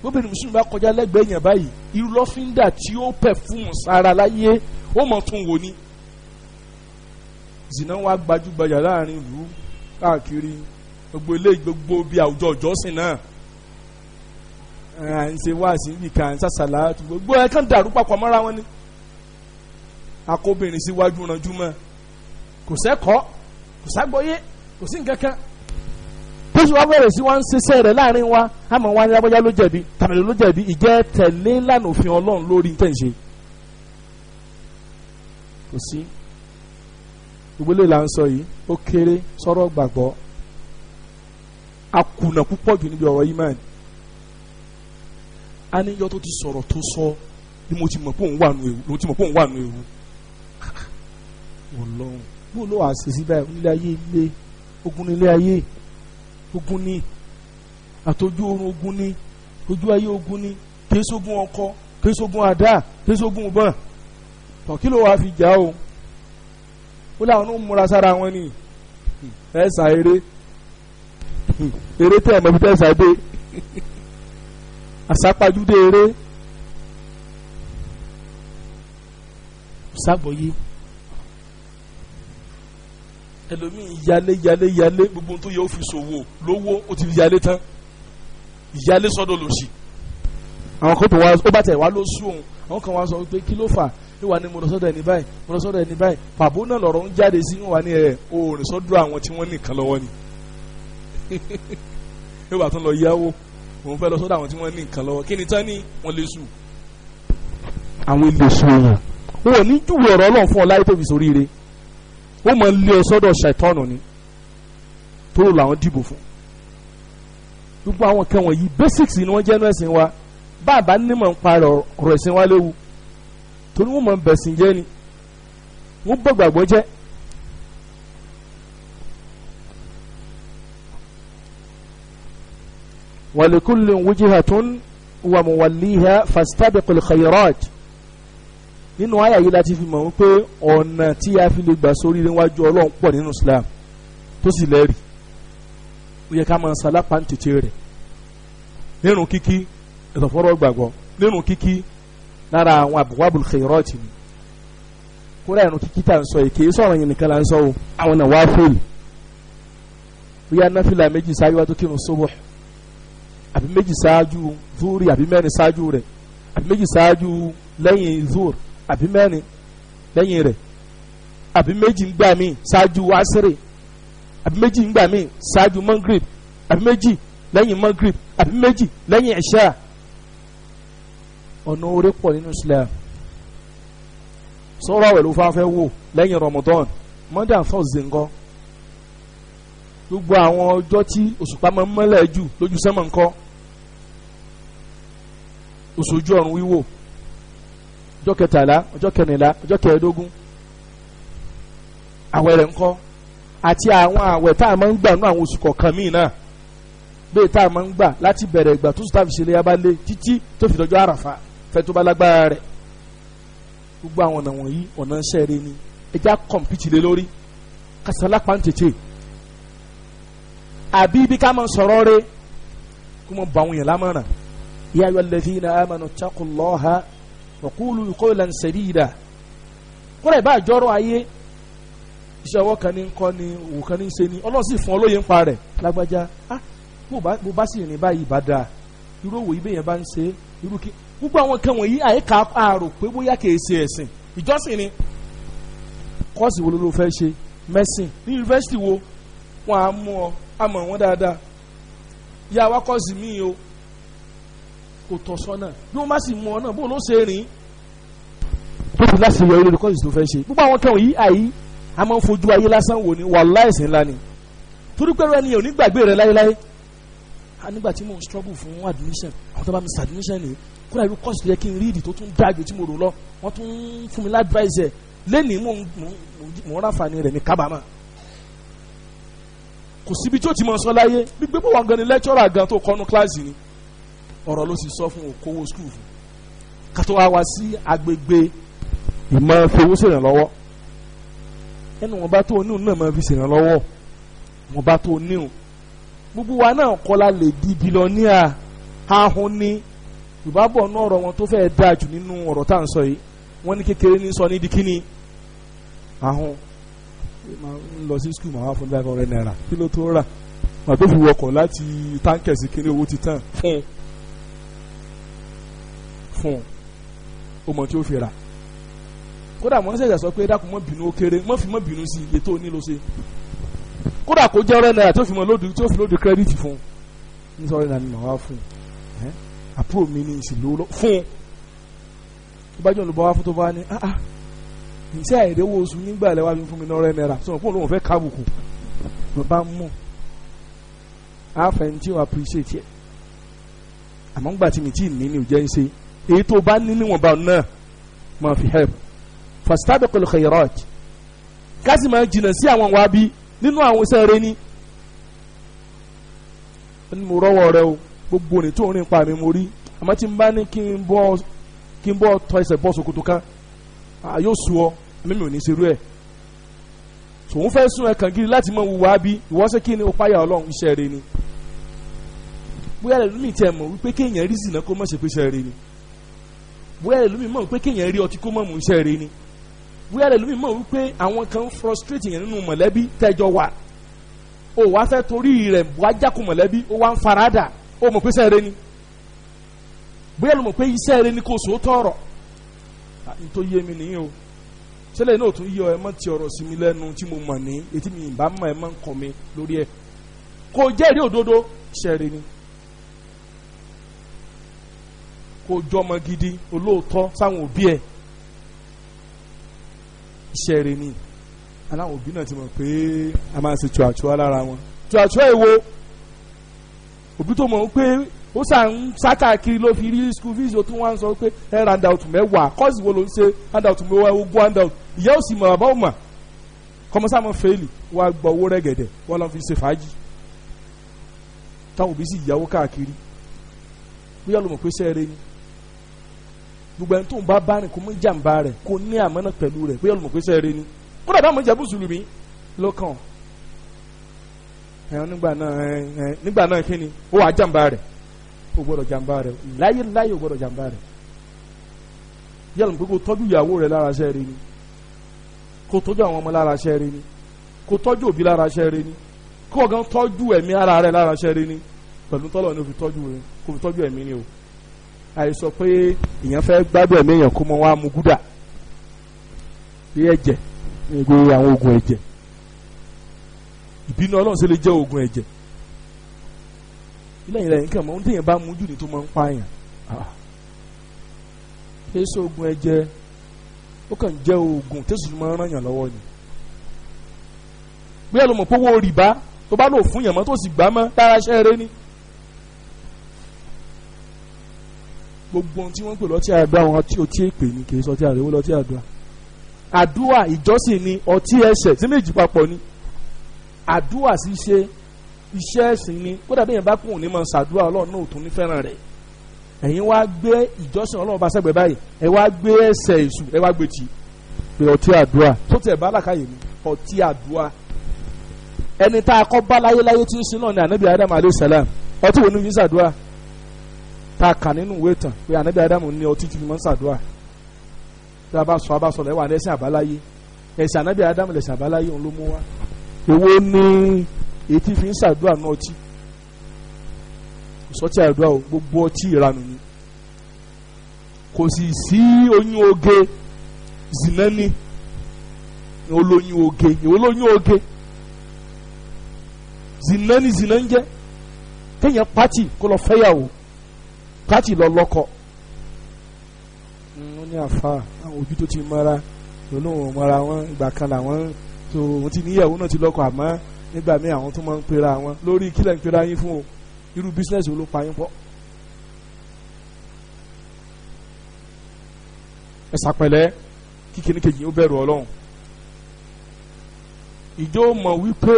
gbogbo ènìyàn bá kọjá lẹ́gbẹ̀ẹ́ yẹn báyìí irú lọ́fíńdà tí ó pẹ̀ fún un sára láyé ó mọ̀ tún wò ni zina wa gbajúgbajà láàrin ìlú káàkiri gbogbo eléyìí gbogbo bí àwùjọ ìjọsìn náà à ń ṣe wáàsí nìkan à ń ṣàṣàlá gbogbo ẹ kàn dàrú papọ̀ mọ́ra wọn ni akóbìnrin síwájú ranjú mọ́ kò sẹ́kọ̀ọ́ kò ságbọ́yé kò sí nǹkan kan bó ṣe wá bẹ̀rẹ̀ sí wá ń ṣiṣẹ́ rẹ̀ láàrin wa a mọ̀ ní lábọ́já ló jẹ̀bi tàbílẹ̀ ló jẹ̀bi ìjẹ́ tẹ̀lé lánàá òfin ọlọ́run lórí nǹkan ṣe kò sí ìgbélé là ń sọ yìí ó kéré sọ̀rọ̀ gbàgbọ́ akùnà púpọ̀ jù níbi ọ̀rọ̀ imán a ní yọ tó ti sọ̀rọ̀ tó sọ ni mo ti mọ̀ pé òun wà nù ewu ló ti mọ̀ pé òun wà nù ewu ọlọ́run bó ló wà sí síbẹ̀ nílé ayé ilé ogun nílé ayé ogun ní àtọ́jú oorun ogun ní ojú ayé ogun ní kéésógún ọkọ kéésógún àdá kéésógún ìbọn tọ̀ ló wàá fi jà o ó láwọn ń múra sára wọn ni ẹ sà eré eré tẹ ẹ mọ bí tẹ ẹ sà dé àsápajúdé eré sábòye ẹlòmíì yalé yalé yalé gbogbo tó yẹ ó fi ṣòwò lówó ó ti yalé tán yalé sọ́dọ̀ lòsì àwọn kan tó wá ó bá tẹ wá ló òun àwọn kan wá sọ pé kí ló fà yóò wá ní mo lọ sọ́dọ̀ ẹni báyìí mo lọ sọ́dọ̀ ẹni báyìí pàbó náà lọ̀rọ̀ ń jáde sí wọn wá ní ẹ òòrùn sọ́dọ̀ àwọn tí wọ́n nìkan lọ́wọ́ ni yóò bá tún lọ yáwó òun fẹ́ lọ sọ́dọ̀ àwọn tí wọ́n nìkan lọ́wọ́ kí ni tán ni wọ́n lè sùn. àwọn ilé sùn yàn wọn ò ní júwe ọ̀rọ̀ ọlọ́run fún ọ láyé tó fi soríire ó mọ lé ọ sọ́dọ̀ ṣàìtọ́nù ni tó lò làwọn dìbò fún gbogbo àwọn kẹwọn yìí basics ni wọ́n jẹ́ nú ẹ̀sìn wa bá a bá nímọ̀ ń parọ̀ ọ̀rọ̀ ẹ̀sìn wa léwu torí wọ́n mọ̀ bẹ̀sìn jẹ́ ni wọ́n bọ̀ gbàgbọ́ jẹ́. ولكل وجهة وموليها فاستبقوا الخيرات nínú àyà yìí láti fi mọ̀ wípé ọ̀nà tí a fi lè gbà sórí níwájú ọlọ́run pọ̀ nínú Islam tó sì lẹ́rì ó yẹ ká máa salápa ń tètè rẹ̀ nínú kíkí ẹ̀sọ̀fọ́rọ̀ gbàgbọ́ nínú kíkí lára àwọn abwabul khairati ni kúrẹ́ ẹ̀rù kíkítà ń sọ yìí kì í sọ̀rọ̀ yìí nìkan la ń sọ o àwọn náà wàá fèlè bóyá náfìlà méjì sáájú wa tó kírun sóbò àbí méjì sáájú zúrì àbí mẹ́rin sáájú rẹ̀ àbí méjì sáájú lẹ́yìn zúr àbí mẹ́rin lẹ́yìn rẹ̀ àbí méjì ń gbà mí ṣáájú wásírì àbí méjì ń gbà mí ṣáájú mangrib àbí méjì lẹ́yìn mangrib àbí méjì lẹ́yìn ẹ̀ṣáà ọ̀nà orí pọ̀ nínú Islam sọ́rọ́ àwẹ̀ ló fáfẹ́ wò lẹ́yìn Ramadan Monday and Thursday ńkọ́ gbogbo àwọn ọjọ́ tí òṣùpá máa ń mọ́lẹ̀ jù lójú sẹ́mọ̀ ńkọ́ òṣòjú ọ̀run wíwò ọjọ́ kẹtàlá ọjọ́ kẹrìnlá ọjọ́ kẹẹ̀ẹ́dógún àwẹ̀ rẹ̀ ńkọ́ àti àwọn àwẹ̀ tá a máa ń gbà nú àwọn oṣù kọ̀ọ̀kan míì náà bẹ́ẹ̀ tá a máa ń gbà láti bẹ̀rẹ̀ ìgbà tó sùtàfíṣẹ́ lé yaba lé títí tó fi dọjọ́ àràfà fẹ́ tó bá lágbára rẹ̀ gbogbo àwọn ọ̀nà wọ̀nyí ọ̀nà ń sẹ́ẹ̀rẹ́ ni ẹja kọ̀mpìtì lé lórí kàṣálà pàǹtẹ̀tẹ̀ àbí ibi ká máa sọ̀rọ̀ rẹ̀ kó máa bá àwọn yẹn lámọ̀ràn ya ayyuhalladhina amanu taqullaha wa qulu qawlan sadida kúrò ẹ̀ bá àjọrọ̀ ayé iṣẹ́ ọwọ́ kan ní ń ni òwò kan ní ń ṣe ni ọlọ́run sì fún olóye pa rẹ̀ lágbájá ah bó bá sì rìn báyìí bá dáa irú òwò ibẹ̀ yẹn bá ń ṣe irú kí gbogbo àwọn kan wọ̀nyí àyíká àrò pé bóyá kìí ṣe ẹ̀sìn ìjọsìn ni kọ́ọ̀sì wo ló ló fẹ́ ṣe mẹ́sìn ní yunifásitì wo wọn á mú ọ àmọ̀ wọn dáadáa yà wá kọ́ọ̀sì míì o kò tọ́ sọ́nà bí wọ́n bá sì mú ọ náà bó ló ṣe rìn tó fi láti yọ ilé kọ́ọ̀sì tó fẹ́ ṣe gbogbo àwọn kan wọ̀nyí àyí a máa ń fojú ayé lásán wò ni wàhálà ẹ̀sìn ńlá ni torí pé ẹni ò ní gbàgbé rẹ láéláé nígbà tí mò ń struggle fún admission àwọn tó bá mi sàdmission nìyí kúrò irú kọ́ọ̀sì yẹ kí n ríìdì tó tún dáa ju tí mo rò lọ wọ́n tún ń fún mi ládùváìsì ẹ̀ lẹ́nìí mò ń mò ń ráǹfààní rẹ̀ ní kábàámà kò síbi tí ó ti mọ̀ sọ láyé gbígbé bó wà gan ni lẹ́kítọ́rà gan tó kọ́nu kíláàsì ni ọ̀rọ̀ ló sì sọ fún òkòwò skul fún kátó wá wá sí agbègbè ìmọ̀ fowó ṣèrànlọ́wọ́ ẹnu wọn bá tó oníhùn náà máa fi ṣèrànlọ́wọ́ wọn bá tó oníhùn gbogbo wa náà kọ́lá lè di bilọ́níà ahun yorùbá bọ̀ ní ọ̀rọ̀ wọn tó fẹ́ẹ́ dáa jù nínú ọ̀rọ̀ tá à ń sọ yìí wọ́n ní kékeré ní sọ ní di kíni ahun ń lọ sí skul màá fún mi láìpẹ́ ọ̀rẹ́ náírà kí ló tó rà màá tó fi wọkọ̀ láti táǹkẹ̀ sí kéré owó ti tàn fún fún o mọ̀ tí ó fi rà kódà mọ̀ ní sẹ̀sẹ̀ sọ pé dákun mọ́ bínú ó kéré mọ́ fi mọ́ bínú sí iye tó nílò ṣe kódà kó jẹ́ ọ̀rẹ́ náírà tó fi mọ́ lódì tó fi lódì kírẹ́dìtì fún un ní sọ ọ̀rẹ́ ni màá wá fún un àbúrò mi ní ìsìn lówó lọ fún un tó bá jẹ́ olùbọ̀ wá fún bá ní ah ah ǹsẹ́ àìdẹ́wọ́ oṣù nígbà lẹ́wà fún mi lọ́rẹ́ náírà sọ̀rọ̀ fún olóhùn fẹ́ kábùkù ló bá mú àfẹnjí ò appreciate ẹ̀ àmọ́ ńgbà tí mi tí ì ní ní ò jẹ́ ń ṣe èyí tó bá ní níwọ̀nba náà máa fi help fastabiqul khairat kásì máa jìnnà sí àwọn wábí nínú àwọn iṣẹ́ rẹ ó ní mo rọ́wọ́ rẹ o gbogbo òní tó ń rìn pa mi mo rí àmọ́ tí n bá ní kí n bọ́ kí n bọ́ tọ́ ẹsẹ̀ bọ́ ṣòkòtò kan yóò sú ọ mímì ò ní ṣerú ẹ̀ tòun fẹ́ sún ẹ kàn láti mọ wùwà bí ìwọ́sẹ̀ kí ni ó páyà ọlọ́run iṣẹ́ rẹ ni bóyá rẹ lómi tẹ mọ̀ wípé kéèyàn rí zìnà kó mọ̀ ṣe pé iṣẹ́ rẹ ni bóyá rẹ lómi mọ̀ wípé kéèyàn rí ọtí kó mọ̀ mú iṣẹ́ rẹ ni bóyá rẹ lómi mọ̀ wípé àwọn kan frustrate yẹn nínú mọ̀lẹ́bí tẹ́jọ wà ó wá fẹ́ torí rẹ̀ wá jákò mọ̀lẹ́bí ó wá ń faradà ó mọ̀ pé sẹ́ẹ̀rẹ́ ni bóyá ló mọ̀ pé sẹ́ẹ̀rẹ́ ni kò sóò tọ̀rọ̀ nítorí yé mi nìyẹn o sẹ́lẹ̀ náà tún yí ọ ẹ mọ̀ ti ọ̀rọ̀ sí mi lẹ́nu tí mo mọ̀ ní etí mi ìbá mọ̀ ẹ mọ̀ ń kọ́ mi lórí ẹ̀ kò jẹ́rìí òdodo sẹ́ẹ̀rẹ́ ni kò jọmọ gidi olóòótọ́ sáwọn òbí ẹ̀ sẹ́ẹ̀rẹ́ ni aláwọn òbí náà ti mọ̀ pé a máa ṣe tùàtùà lára wọn tùàtùà èwo òbí tó mọ̀ pé ó sà ń sákàkiri ló fi rí school fees o tún wá ń sọ pé ẹ handout mẹ́wàá kọ́ọ̀sì wo ló ń ṣe handout mẹ́wàá ogún handout ìyá ò sì mọ̀ bàbá ò mọ̀ kọ́mọ́sàmọ́ fẹ́ẹ̀lì wọ́n á gba owó rẹ̀gẹ̀dẹ̀ wọ́n lọ́ fi ṣe fàájì táwọn òbí sì yáwó káàkiri bí yàrá ló mọ̀ pé sẹ́ẹ̀rẹ́ ni gbogbo ẹni tó ń bá bá rìn kó mọ jàǹbá rẹ̀ kó ní àmọ́nà pẹ̀lú rẹ̀ bí yàrá ló mọ̀ pé sẹ́ẹ̀rẹ́ ni kó dàbí àmọ́ ìjà nígbà náà nígbà náà kí ni ó wà jàǹbá rẹ̀ ó gbọ́dọ̀ jàǹbá rẹ̀ láyé láyé ó gbọ́dọ̀ jàǹbá rẹ̀ yálà pé kó tọ́jú ìyàwó rẹ̀ lára ṣẹ́ rí ni kó tọ́jú àwọn ọmọ lára ṣẹ́ rí ni kó tọ́jú òbí lára ṣẹ́ rí ni kó ọ̀gán tọ́jú ẹ̀mí ara rẹ̀ lára ṣẹ́ rí ni pẹ̀lú tọ́lọ̀ ni ó fi tọ́jú ẹ̀mí ni o àìsọ pé èèyàn fẹ́ gbádùn ẹ̀mí èèyàn kó mọ wá mú gúdà bí ẹ̀jẹ̀ ní àwọn oògùn ẹ̀jẹ̀ ìbínú ọlọ́run ṣe lè jẹ́ oògùn ẹ̀jẹ̀ ilé ìrẹ̀ nǹkan mọ́ téèyàn bá mú jù ní tó máa ń pààyàn ah. kéésì oògùn ẹ̀jẹ̀ ó kàn jẹ́ oògùn tẹ́sùn máa ń ràn yàn lọ́wọ́ ni bóyá ló mọ̀ pé owó rìbá tó bá lò fún yàn mọ́ tó sì gbá mọ́ tára ṣẹ́ rẹ ni gbogbo ohun tí wọ́n pè lọ́tí àdúrà wọn tí o tí ì pè ní kì í sọ tí àdúrà lọ́tí àdúrà àdúrà ìjọsìn ni ọtí ẹsẹ̀ tí méjì papọ̀ ni àdúrà sì ṣe iṣẹ́ ẹ̀sìn ni kódà bí èèyàn bá kún òní máa ṣàdúrà ọlọ́run náà ò tún ní fẹ́ràn rẹ̀ ẹ̀yin wá gbé ìjọsìn ọlọ́run bá sẹ́gbẹ̀ẹ́ báyìí ẹ wá gbé ẹsẹ̀ èṣù ẹ wá gbé tì pé ọtí àdúrà tó tiẹ̀ bá làkàyè mi ọtí àdúrà ẹni tá a kọ́ bá láyéláyé tí ń sin náà ni ànábì adam alayhi salam ọtí wo ni fi ń ṣàdúrà tá a kà nínú ìwé ìtàn pé ànábì adam ní ọtí ju fi máa ń ṣàdúrà tá a bá sọ a bá sọ lẹ́wọ̀n ẹ̀sìn àbáláyé ẹ̀sìn ànábì adam lẹ̀sìn àbáláyé òun ló mú wá èwo ni etí fi ń ṣàdúrà náà ọtí sọtí àdúrà o gbogbo ọtí ìranù ni kò sì sí oyún oge zinani olóyún oge ìwọ olóyún oge zinani zinani jẹ kéèyàn pati kó lọ fẹ́yàwó pati lọ lọ́kọ wọ́n ní àfa àwọn òbí tó ti mara lọ́nà òun mara wọn ìgbà kan làwọn so wọ́n ti níyàwó náà ti lọ́kọ àmọ́ nígbà míì àwọn tó máa ń pera wọn lórí kílẹ̀ ń pera yín fún o irú bísínẹ́sì wo ló pa yín pọ̀. ẹ sàpẹ̀lẹ́ kíkiri kejì ó bẹ̀rù ọlọ́run ìjọ mọ̀ wípé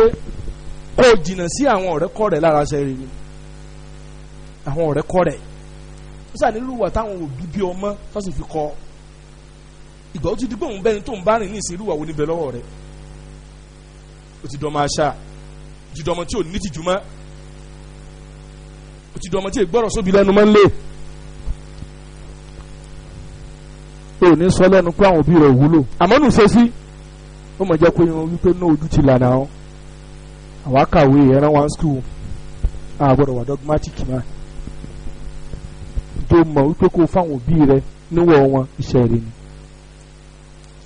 kó o jìnnà sí àwọn ọ̀rẹ́kọ́ rẹ̀ lára ṣe rere àwọn ọ̀rẹ́kọ́ rẹ̀ ó sà nílùú wà táwọn òbí bí ọmọ tó sì fi kọ́ ìgbà ó ti dìgbò òun bẹ́ni tó ń bá rìn ní ìsìn ìlú wà wo níbẹ̀ lọ́wọ́ rẹ̀ o ti dọmọ aṣa o ti dọmọ tí o ní ti jùmọ́ o ti dọmọ tí o gbọ́dọ̀ sóbi lẹ́nu mọ́ nílé o ní sọ lẹ́nu pé àwọn òbí rẹ̀ wúlò àmọ́ nù ṣe sí ó mọ̀ jẹ́ pé irun wípé náà ojú ti lànà ọ́ àwa kàwé ẹran one school àgbọ̀dọ̀ wà dogmatic náà tó mọ̀ wípé kó fáwọn òbí rẹ̀ níwọ̀ wọn iṣẹ́ rí ni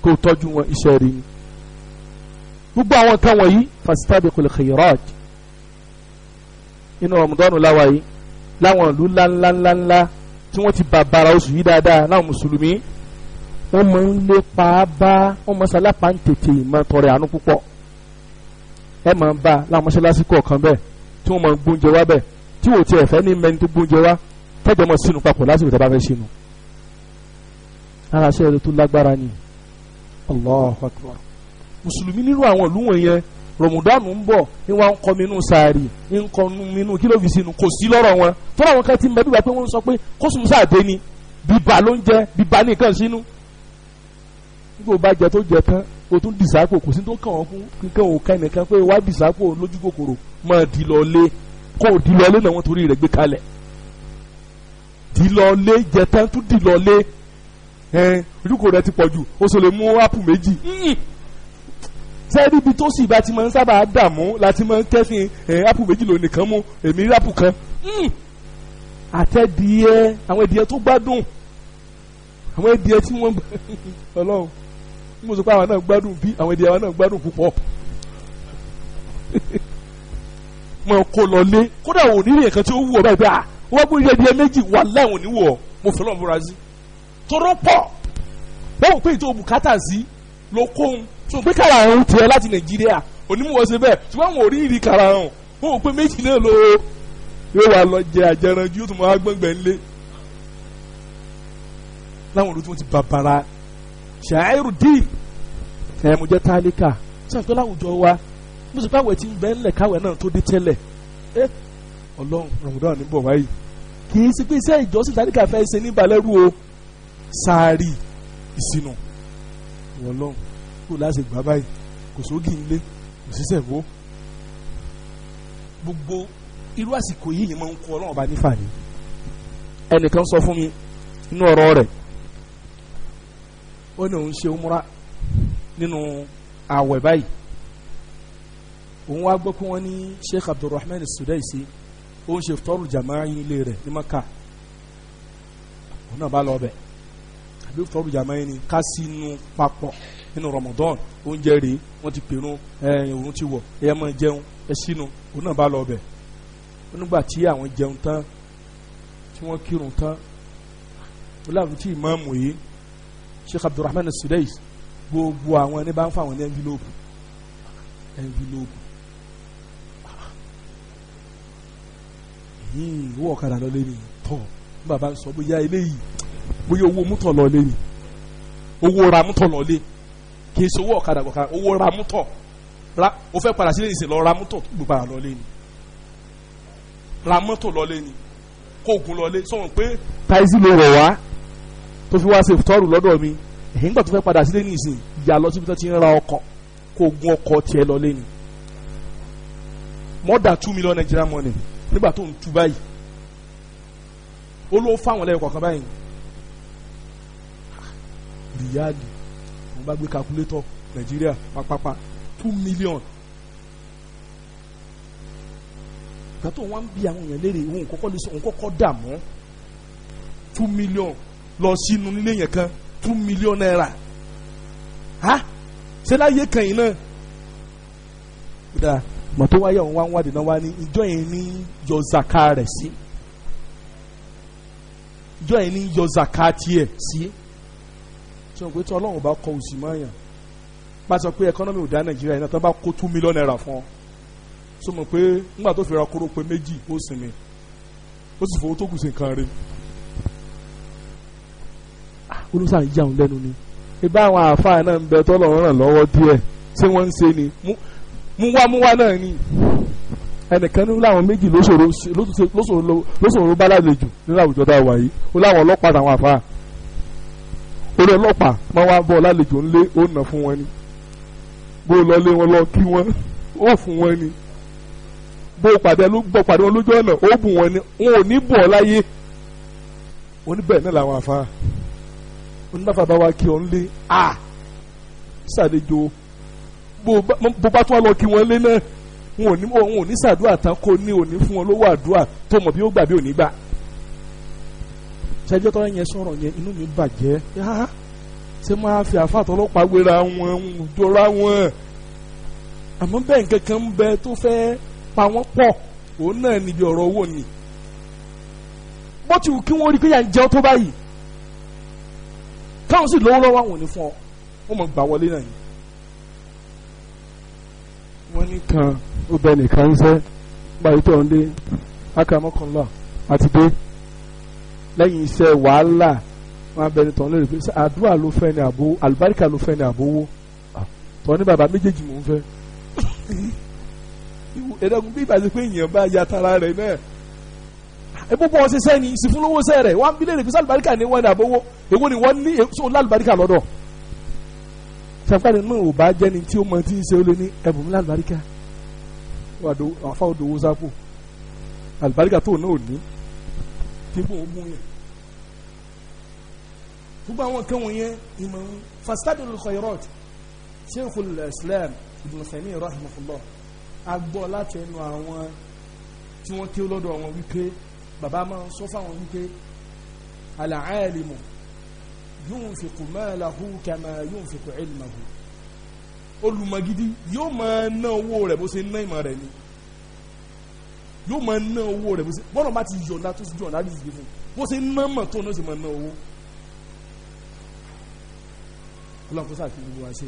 kó tọ́jú wọn iṣẹ́ rí gbogbo àwọn nǹkan wọ̀nyí fastabiqul khairat inú rọmọdọ́nù láwa yìí láwọn ìlú ńláńláńláńlá tí wọ́n ti bàbàrà oṣù yìí dáadáa láwọn mùsùlùmí wọ́n máa ń lépa bá wọ́n máa sálápá ń tètè ìmọ̀ tọrẹ àánú púpọ̀ ẹ máa ń bá láwọn mọ́ṣáláṣí kọ̀ọ̀kan bẹ́ẹ̀ tí wọ́n máa ń gbóúnjẹ wá bẹ́ẹ̀ tí wò tiẹ̀ fẹ́ ní mẹ́ni tó gbóúnjẹ wá tẹ́jọ́ mọ̀ sínú papọ̀ lásìkò tó bá fẹ́ sínú. ara ṣe tó lágbára ni Allahu Akbar mùsùlùmí nínú àwọn ìlú wọ̀nyẹn rọmùdánù ń bọ̀ ní wọn ń kọ́ mi ń kọ́ mi nínú kí kò sí lọ́rọ̀ wọn fúnra wọn kan ti mẹ́bí wá pé wọ́n sọ pé kóṣùmù sáàdé ni bíbá ló ń jẹ bíbá nìkan sínú nígbà ó bá jẹ tó jẹ tán o tún dìsápò kò sí tó kàn wọ́n fún kíkẹ́ òun ká ẹnìkan pé wá dìsápò lójú kòkòrò máa di lọ lé kó o di lọ lé náà wọ́n torí rẹ̀ gbé kalẹ̀ di lọ lé jẹ tán tún di lọ lé ẹ ojú kò rẹ ti pọ̀ jù ó sọ lè mú ápù méjì sẹ́ẹ̀rì ibi tó sì bá ti máa ń sábà dààmú láti máa ń kẹ́sìn ẹ̀ ápù méjì lò nìkan mú èmi rí ápù kan hmm. àtẹ̀dìẹ àwọn ẹ̀dìẹ tó gbádùn àwọn ẹ̀dìẹ tí wọ́n ọlọ́run mo sọ pé àwọn náà gbádùn bí àwọn ẹ̀dìẹ àwọn náà gbádùn púpọ̀ mo kò lọ lé kódà ò ní rí nǹkan tí ó wù ọ báyìí pé à ah, wọ́n gbé ẹ̀dìẹ méjì wà láwọn oníwò ọ mo fẹ́ lọ́n múra sí torọ́pọ̀ wọ́n pé ìjọ so pé karahun tiẹ̀ láti nàìjíríà onímọ̀ ṣe bẹ́ẹ̀ ṣùgbọ́n àwọn òrí ìrì karahun wọn ò pé méjì náà ló yóò wá lọ jẹ àjẹranjú yóò tún máa gbọ̀ngbẹ̀ ńlẹ̀ láwọn olùtí wọn ti bàbàrà ṣàìrù díì ẹ̀ mo jẹ́ tálíkà sọ́yìn pé láwùjọ wa mo sì káwẹ̀ tí ń bẹ́ ńlẹ̀ káwẹ̀ náà tó dé tẹ́lẹ̀ ẹ ọlọ́run ramadan ní bọ̀ wáyé kì í sí pé iṣẹ́ ìjọsìn tálíkà fẹ́ ṣe ní balẹ̀rù o sáárì ìsinú ọlọ́run bó láti gbà báyìí kò sóògì ńlé kò sísẹ̀ wó gbogbo irú àsìkò yìí ni mo ń kó ọlọ́run bá nífà ni ẹnìkan sọ fún mi nínú ọ̀rọ̀ rẹ̀ ó ní òun ṣe umra nínú àwẹ̀ báyìí òun wá gbọ́ pé wọ́n ní Sheikh Abdulrahman Sudaisi ó ń ṣe tọ́rù jamaa yín ilé rẹ̀ ní Maka òun náà bá lọ bẹ̀ àbí tọ́rù jamaa yín ni ká sínú papọ̀ nínú Ramadan oúnjẹ rèé wọ́n ti pèrún òun ti wọ̀ ẹ máa jẹun ẹ sínú òun náà bá lọ ọbẹ̀ nígbà tí àwọn jẹun tán tí wọ́n kírun tán olóògùn tí ìmáàmù yìí Sheikh Abdulrahman Sudais gbogbo àwọn ẹni bá ń fáwọn ní envelope envelope yìí owó ọ̀kadà lọ lẹ́yìn tọ̀ bàbá ń sọ bóyá eléyìí bóyá owó mútọ̀ lọ lẹ́yìn owó ra mútọ̀ lọ lẹ́yìn kì í sowó ọ̀kadà ọ̀kadà owó ramútọ̀ ra o fẹ́ padà sílé ìsìn lọ ramútọ̀ gbogbo àwọn lọ́lé ni ramútọ̀ lọ́lé ni kóògùn lọ́lé sọ̀rọ̀ pé táìsì lè rọ̀ wá tó fi wá ṣe tọ́rù lọ́dọ̀ mi ẹ̀yìn gbà tó fẹ́ padà sílé nìsín ìyá lọ síbi tó ti ń ra ọkọ̀ kóògùn ọkọ̀ tiẹ̀ lọ́lé ni more than two million Nigerian money nígbà tó ń tu báyìí olówó fáwọn lẹ́yìn kọ̀ọ̀kan báyìí bá gbé calculator nàìjíríà pàpàpà two million gbàtọ̀ wọn bí àwọn èèyàn léèrè òun kọ́kọ́ lè sọ òun kọ́kọ́ dà two million lọ sínú nílé yẹn kan two million naira ha ṣé láyé kan yìí náà kódà mọ̀tò wáyà òun wá ń wádìí náà wá ní ìjọ yẹn ní yọ zaka rẹ̀ sí ìjọ yẹn ní yọ zaka tiẹ̀ sí. Si tí wọ́n pé tí ọlọ́run bá kọ òsì mọ́ èèyàn bá sọ pé ẹkọ́nọ́mì ò dá nàìjíríà iná tó bá kó two million naira fún ọ tó mọ̀ pé nígbà tó fi ra kóró pé méjì ó sinmi ó sì fowó tó kù sí nǹkan rẹ̀ ah, olùsàn yà ń lẹ́nu ni ibà àwọn àáfàá náà ń bẹ tọ́lọ́run ràn lọ́wọ́ díẹ̀ tí wọ́n ń ṣe ni múwámúwá náà ni ẹnìkan ní láwọn méjì lóṣòro lóṣòro bá lálejò nínú àwùjọ tá a wà yìí ó láwọn ọlọ́pàá àtàwọn àfáà orí ọlọ́pàá máa wá bọ̀ lálejò ńlé ó nà fún wọn ni bó lọ lé wọn lọ kí wọn ó fún wọn ni bó pàdé gbọ́ pàdé wọn lójú ọ̀nà ó bù wọn ni wọn ò ní bọ̀ láyé oníbẹ̀ náà làwọn àfa oníbàfà bá wa kí ọ ńlé a ṣàlejò bó bá tún wá lọ kí wọn lé náà wọn ò ní ṣàdúrà tán kó ní òní fún wọn lówó àdúrà tó mọ̀ bí ó gbà bí ò ní gbà ṣẹjọ́ tọ́lá yẹn sọ̀rọ̀ yẹn inú mi bàjẹ́ yá ṣé máa fi àfàtọ́ ọlọ́pàá gbéra wọn jọra wọn àmọ́ bẹ́ẹ̀ nkankan ń bẹ tó fẹ́ pa wọ́n pọ̀ òun náà níbi ọ̀rọ̀ owó ni bó ti wù kí wọ́n rí pé yà ń jẹun tó báyìí káwọn sì lówó lọ́wọ́ àwọn ò ní fún ọ wọ́n mọ̀ gbà wọlé náà ni. wọ́n ní kan ó bẹ nìkan ń sẹ́ báyìí tó ń dé akàmọ́kànlá àti dé lẹ́yìn iṣẹ́ wàhálà wọn abẹni tán lórí pé àdúrà ló fẹ́ ni àbò àlùbáríkà ló fẹ́ ni àbówó tọ́ ni bàbá méjèèjì mò ń fẹ́ ẹ̀dẹ́gun bí ìbàdí pé èèyàn bá ya tara rẹ̀ náà ebúbọ̀ ọ̀sẹ̀ sẹ́ni ìsìfúnlówó sẹ́ rẹ̀ wọ́n bílẹ̀ rẹ̀ sálùbáríkà ni wọ́n ní àbówó èwo ni wọ́n ní èso lálùbáríkà lọ́dọ̀ sàfẹ́ni náà ò bá jẹ́ni tébù ogun yẹn gbogbo àwọn kan wọ̀nyẹn ìmọ̀ fastadul khairat sheikhul islam ibn Taymiyyah rahimahullah agbọ́ láti ẹnu àwọn tí wọ́n ké lọ́dọ̀ wọn wípé bàbá máa ń sọ fáwọn wípé al-alimu yunfiqu malahu kama yunfiqu ilmahu olùmọ̀gidi yóò máa ná owó rẹ̀ bó ṣe ná ìmọ̀ rẹ̀ ni yóò máa ná owó rẹ̀ bọ́ọ̀nà bá ti yọ̀ǹda tó ti yọ̀ǹda àdìsí fún bó ṣe ná mọ̀ tó náà ṣe máa ná owó. ọlọ́run kó sàkí gbogbo wa ṣe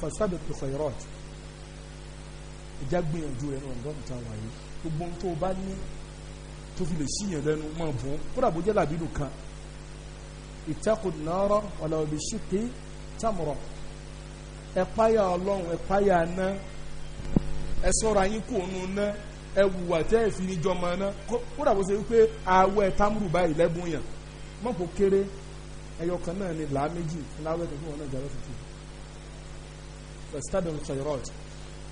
fasabe tó khairat ìjà gbìyànjú rẹ̀ náà lọ́nà tá a wáyé gbogbo ohun tó o bá ní tó fi lè ṣíyàn lẹ́nu máa bùn kódà bó jẹ́ làbínú kan ìtẹ́kùn náírà ọ̀làwọ̀ bí ṣíkì tàmùrọ̀ ẹ̀páyà ọlọ́run ẹ̀páyà náà ẹ ẹwùwà tẹ́ ẹ fi ní jọmọ náà kódà bó ṣe wípé awọ ẹ támúrù báyìí lẹ́bùn yàn mọ̀pọ̀ kéré ẹyọ kan náà ni làá méjì láwọ ẹ̀kọ́ fún wọn náà jẹ́rọ tuntun fẹ̀sítàdùn sọ̀yọ́rọ̀t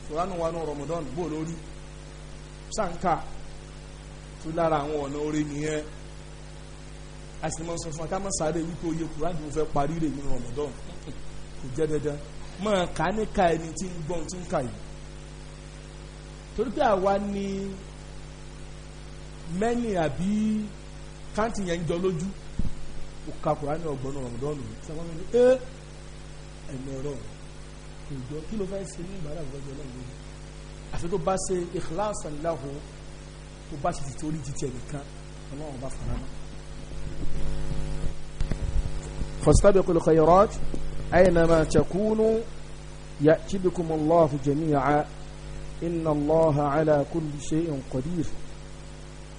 fúlánù wa náà rọmọdọ́n bó lórí sànkà tó lára àwọn ọ̀nà orí nìyẹn àsìmọ̀ sọ fún akámọ̀ sáré wípé oyè kúrán tó fẹ́ parí rè nínú rọmọdọ́n kò jẹ́ dandan mọ̀ káníkà ẹni tí ń gbọ́n tí ń kà yìí torí pé àwa ni mẹ́nì àbí káǹtì yẹn ń jọ lójú ó ka Kùránì ọgbọ́n náà ọ̀dọ́ ọ̀nà sábà wọn ni ẹ ẹ̀mí ọ̀rọ̀ kò jọ kí ló fẹ́ ṣe ní ìbára ìgbọ́jọ náà lójú àfi tó bá ṣe ikhlasan lahu tó bá ṣe tìtorí títí ẹnìkan ọlọ́run bá fara náà. فاستبقوا الخيرات أينما تكونوا يأتي بكم الله جميعا inna allaha ala kulli shay'in qadir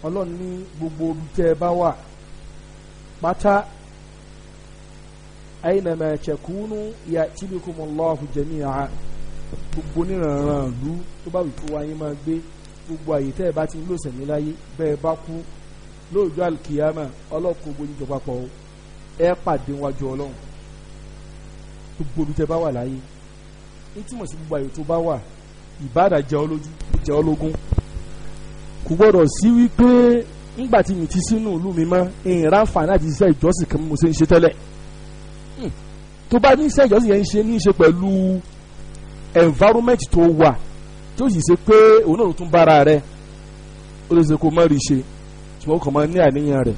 ọlọ́run ní gbogbo ibi tẹ́ ẹ bá wà pátá aynama takunu ya'ti bikum allahu jami'a gbogbo níranran ìlú tó bá wù kí wáyé máa gbé gbogbo àyè tẹ́ ẹ bá ti ń lò sẹ̀mí láyé bẹ́ẹ̀ bá alkiyama ọlọ́kùn gbogbo ìjọba pọ̀ ẹ pàdé wájú ọlọ́run gbogbo ibi tẹ́ bá wà láyé ní gbogbo àyè tó bá wà ìbáàdà jẹ́ ọ lójú jẹ́ ọ lógún kò gbọ́dọ̀ sí wípé ńgbà tí mi ti sínú ìlú mi mọ́ ìrìnrà àǹfààní àti iṣẹ́ ìjọsìn kan mo ṣe ń ṣe tẹ́lẹ̀ hmm. tó bá ní iṣẹ́ ìjọsìn yẹn ń ṣe ní í ṣe pẹ̀lú environment tó wà tó sì ṣe pé òun náà tún bára rẹ ó lè ṣe kó mọ́ rí ṣe ṣùgbọ́n kò mọ́ ní àníyàn rẹ̀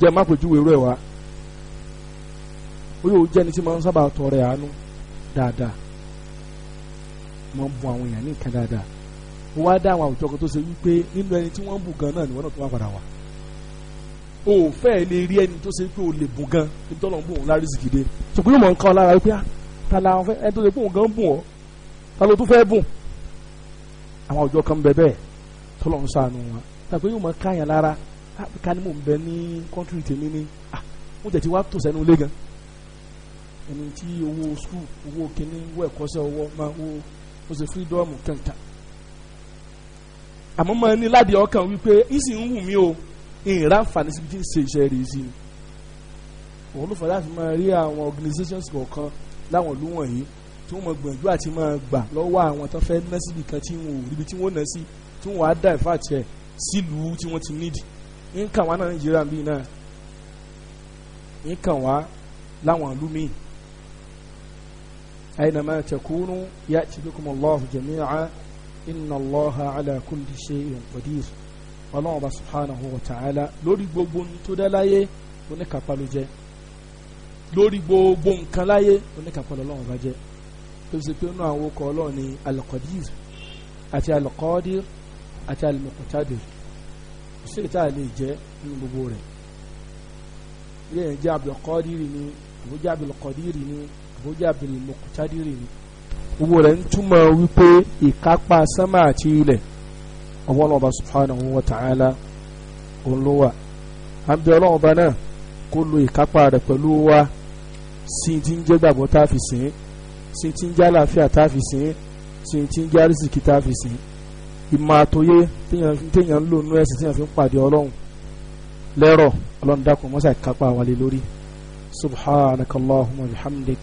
jẹ́ má pèjúwe rẹ̀ wá ó yóò jẹ́ ẹni tí mo ń sábà tọrẹ àánú dáadáa máa ń bu àwọn èèyàn ní nǹkan dáadáa ó wá dá àwọn àwùjọ kan tó ṣe wípé nínú ẹni tí wọ́n ń bù gan náà nìwọ́n náà tó wá padà wà o ò fẹ́ lè rí ẹni tó ṣe pé o lè bù gan ní tọ́lọ̀ ń bù òun lárí zìgìdè ṣùgbọ́n yóò mọ̀ nǹkan lára wípé ah, ta la fẹ́ ẹni tó ṣe pé òun gan ń bù ọ́ ta ló tún fẹ́ bù àwọn àwùjọ kan bẹ bẹ́ẹ̀ tọ́lọ̀ ń sànù wọn tàbí yóò mọ̀ káyàn lára ah, ká ní mò ń bẹ ní kọ́ńtírì tèmi ní à ah, mo tẹ̀ ti wá tò sẹ́nu ilé gan ẹni tí owó skul owó kínní owó ẹ̀kọ́ṣẹ́ owó ọsẹ freedom kankan àmọ́ máa ní ládìí ọkàn wípé ìsì ń wù mí o ìrà ànfàní síbi tí ń ṣe iṣẹ́ rẹ̀ sí ni òun ló fà láti máa rí àwọn organizations kọ̀ọ̀kan láwọn ìlú wọ̀nyí tí wọ́n mọ gbìyànjú àti máa gbà lọ́wọ́ àwọn tó fẹ́ ná síbi kan tí wọn ò ríbi tí wọ́n ná sí tí wọ́n á dá ìfà tiẹ̀ sílùú tí wọ́n ti nídìí nǹkan wa náà Nàìjíríà bíi náà nǹkan wa láwọn ìlú míì أينما تكونوا يأتي بكم الله جميعا إن الله على كل شيء قدير ọlọ́run ọba subhanahu wa ta'ala lórí gbogbo ohun tó dá láyé oníkàpá ló jẹ́ lórí gbogbo nǹkan láyé oníkàpá lọ́lọ́run ọba jẹ́ tó ṣe pé inú àwọn okọ̀ ọlọ́run ni alqadir àti alqadir àti almuqtadir ṣé ìta lè jẹ́ nínú gbogbo rẹ̀ yẹ́n jẹ́ abdulqadir ni àbújá abdulqadir ni bóyá bìrì mọ̀kútádìrì ni owó rẹ̀ ń túmọ̀ wípé ìkápá sánmà àti ilẹ̀ ọwọ́ ọlọ́ọ̀bá subhanahu wa ta'ala òun ló wà à ń bẹ ọlọ́ọ̀bá náà kó lo ìkápá rẹ̀ pẹ̀lú wa sí ti ń jẹ́ gbàgbọ́ tá a fi sìn sí ti ń jẹ́ àlàáfíà tá a fi sìn sí ti ń jẹ́ àrísìkí tá a fi sìn ìmọ̀ àtòyé téèyàn ń lò nú ẹ̀sìn téèyàn fi ń pàdé ọlọ́run lẹ́rọ̀ ọlọ́run dákun mọ́sà wa lé lórí subhanakallahumma wa bihamdik.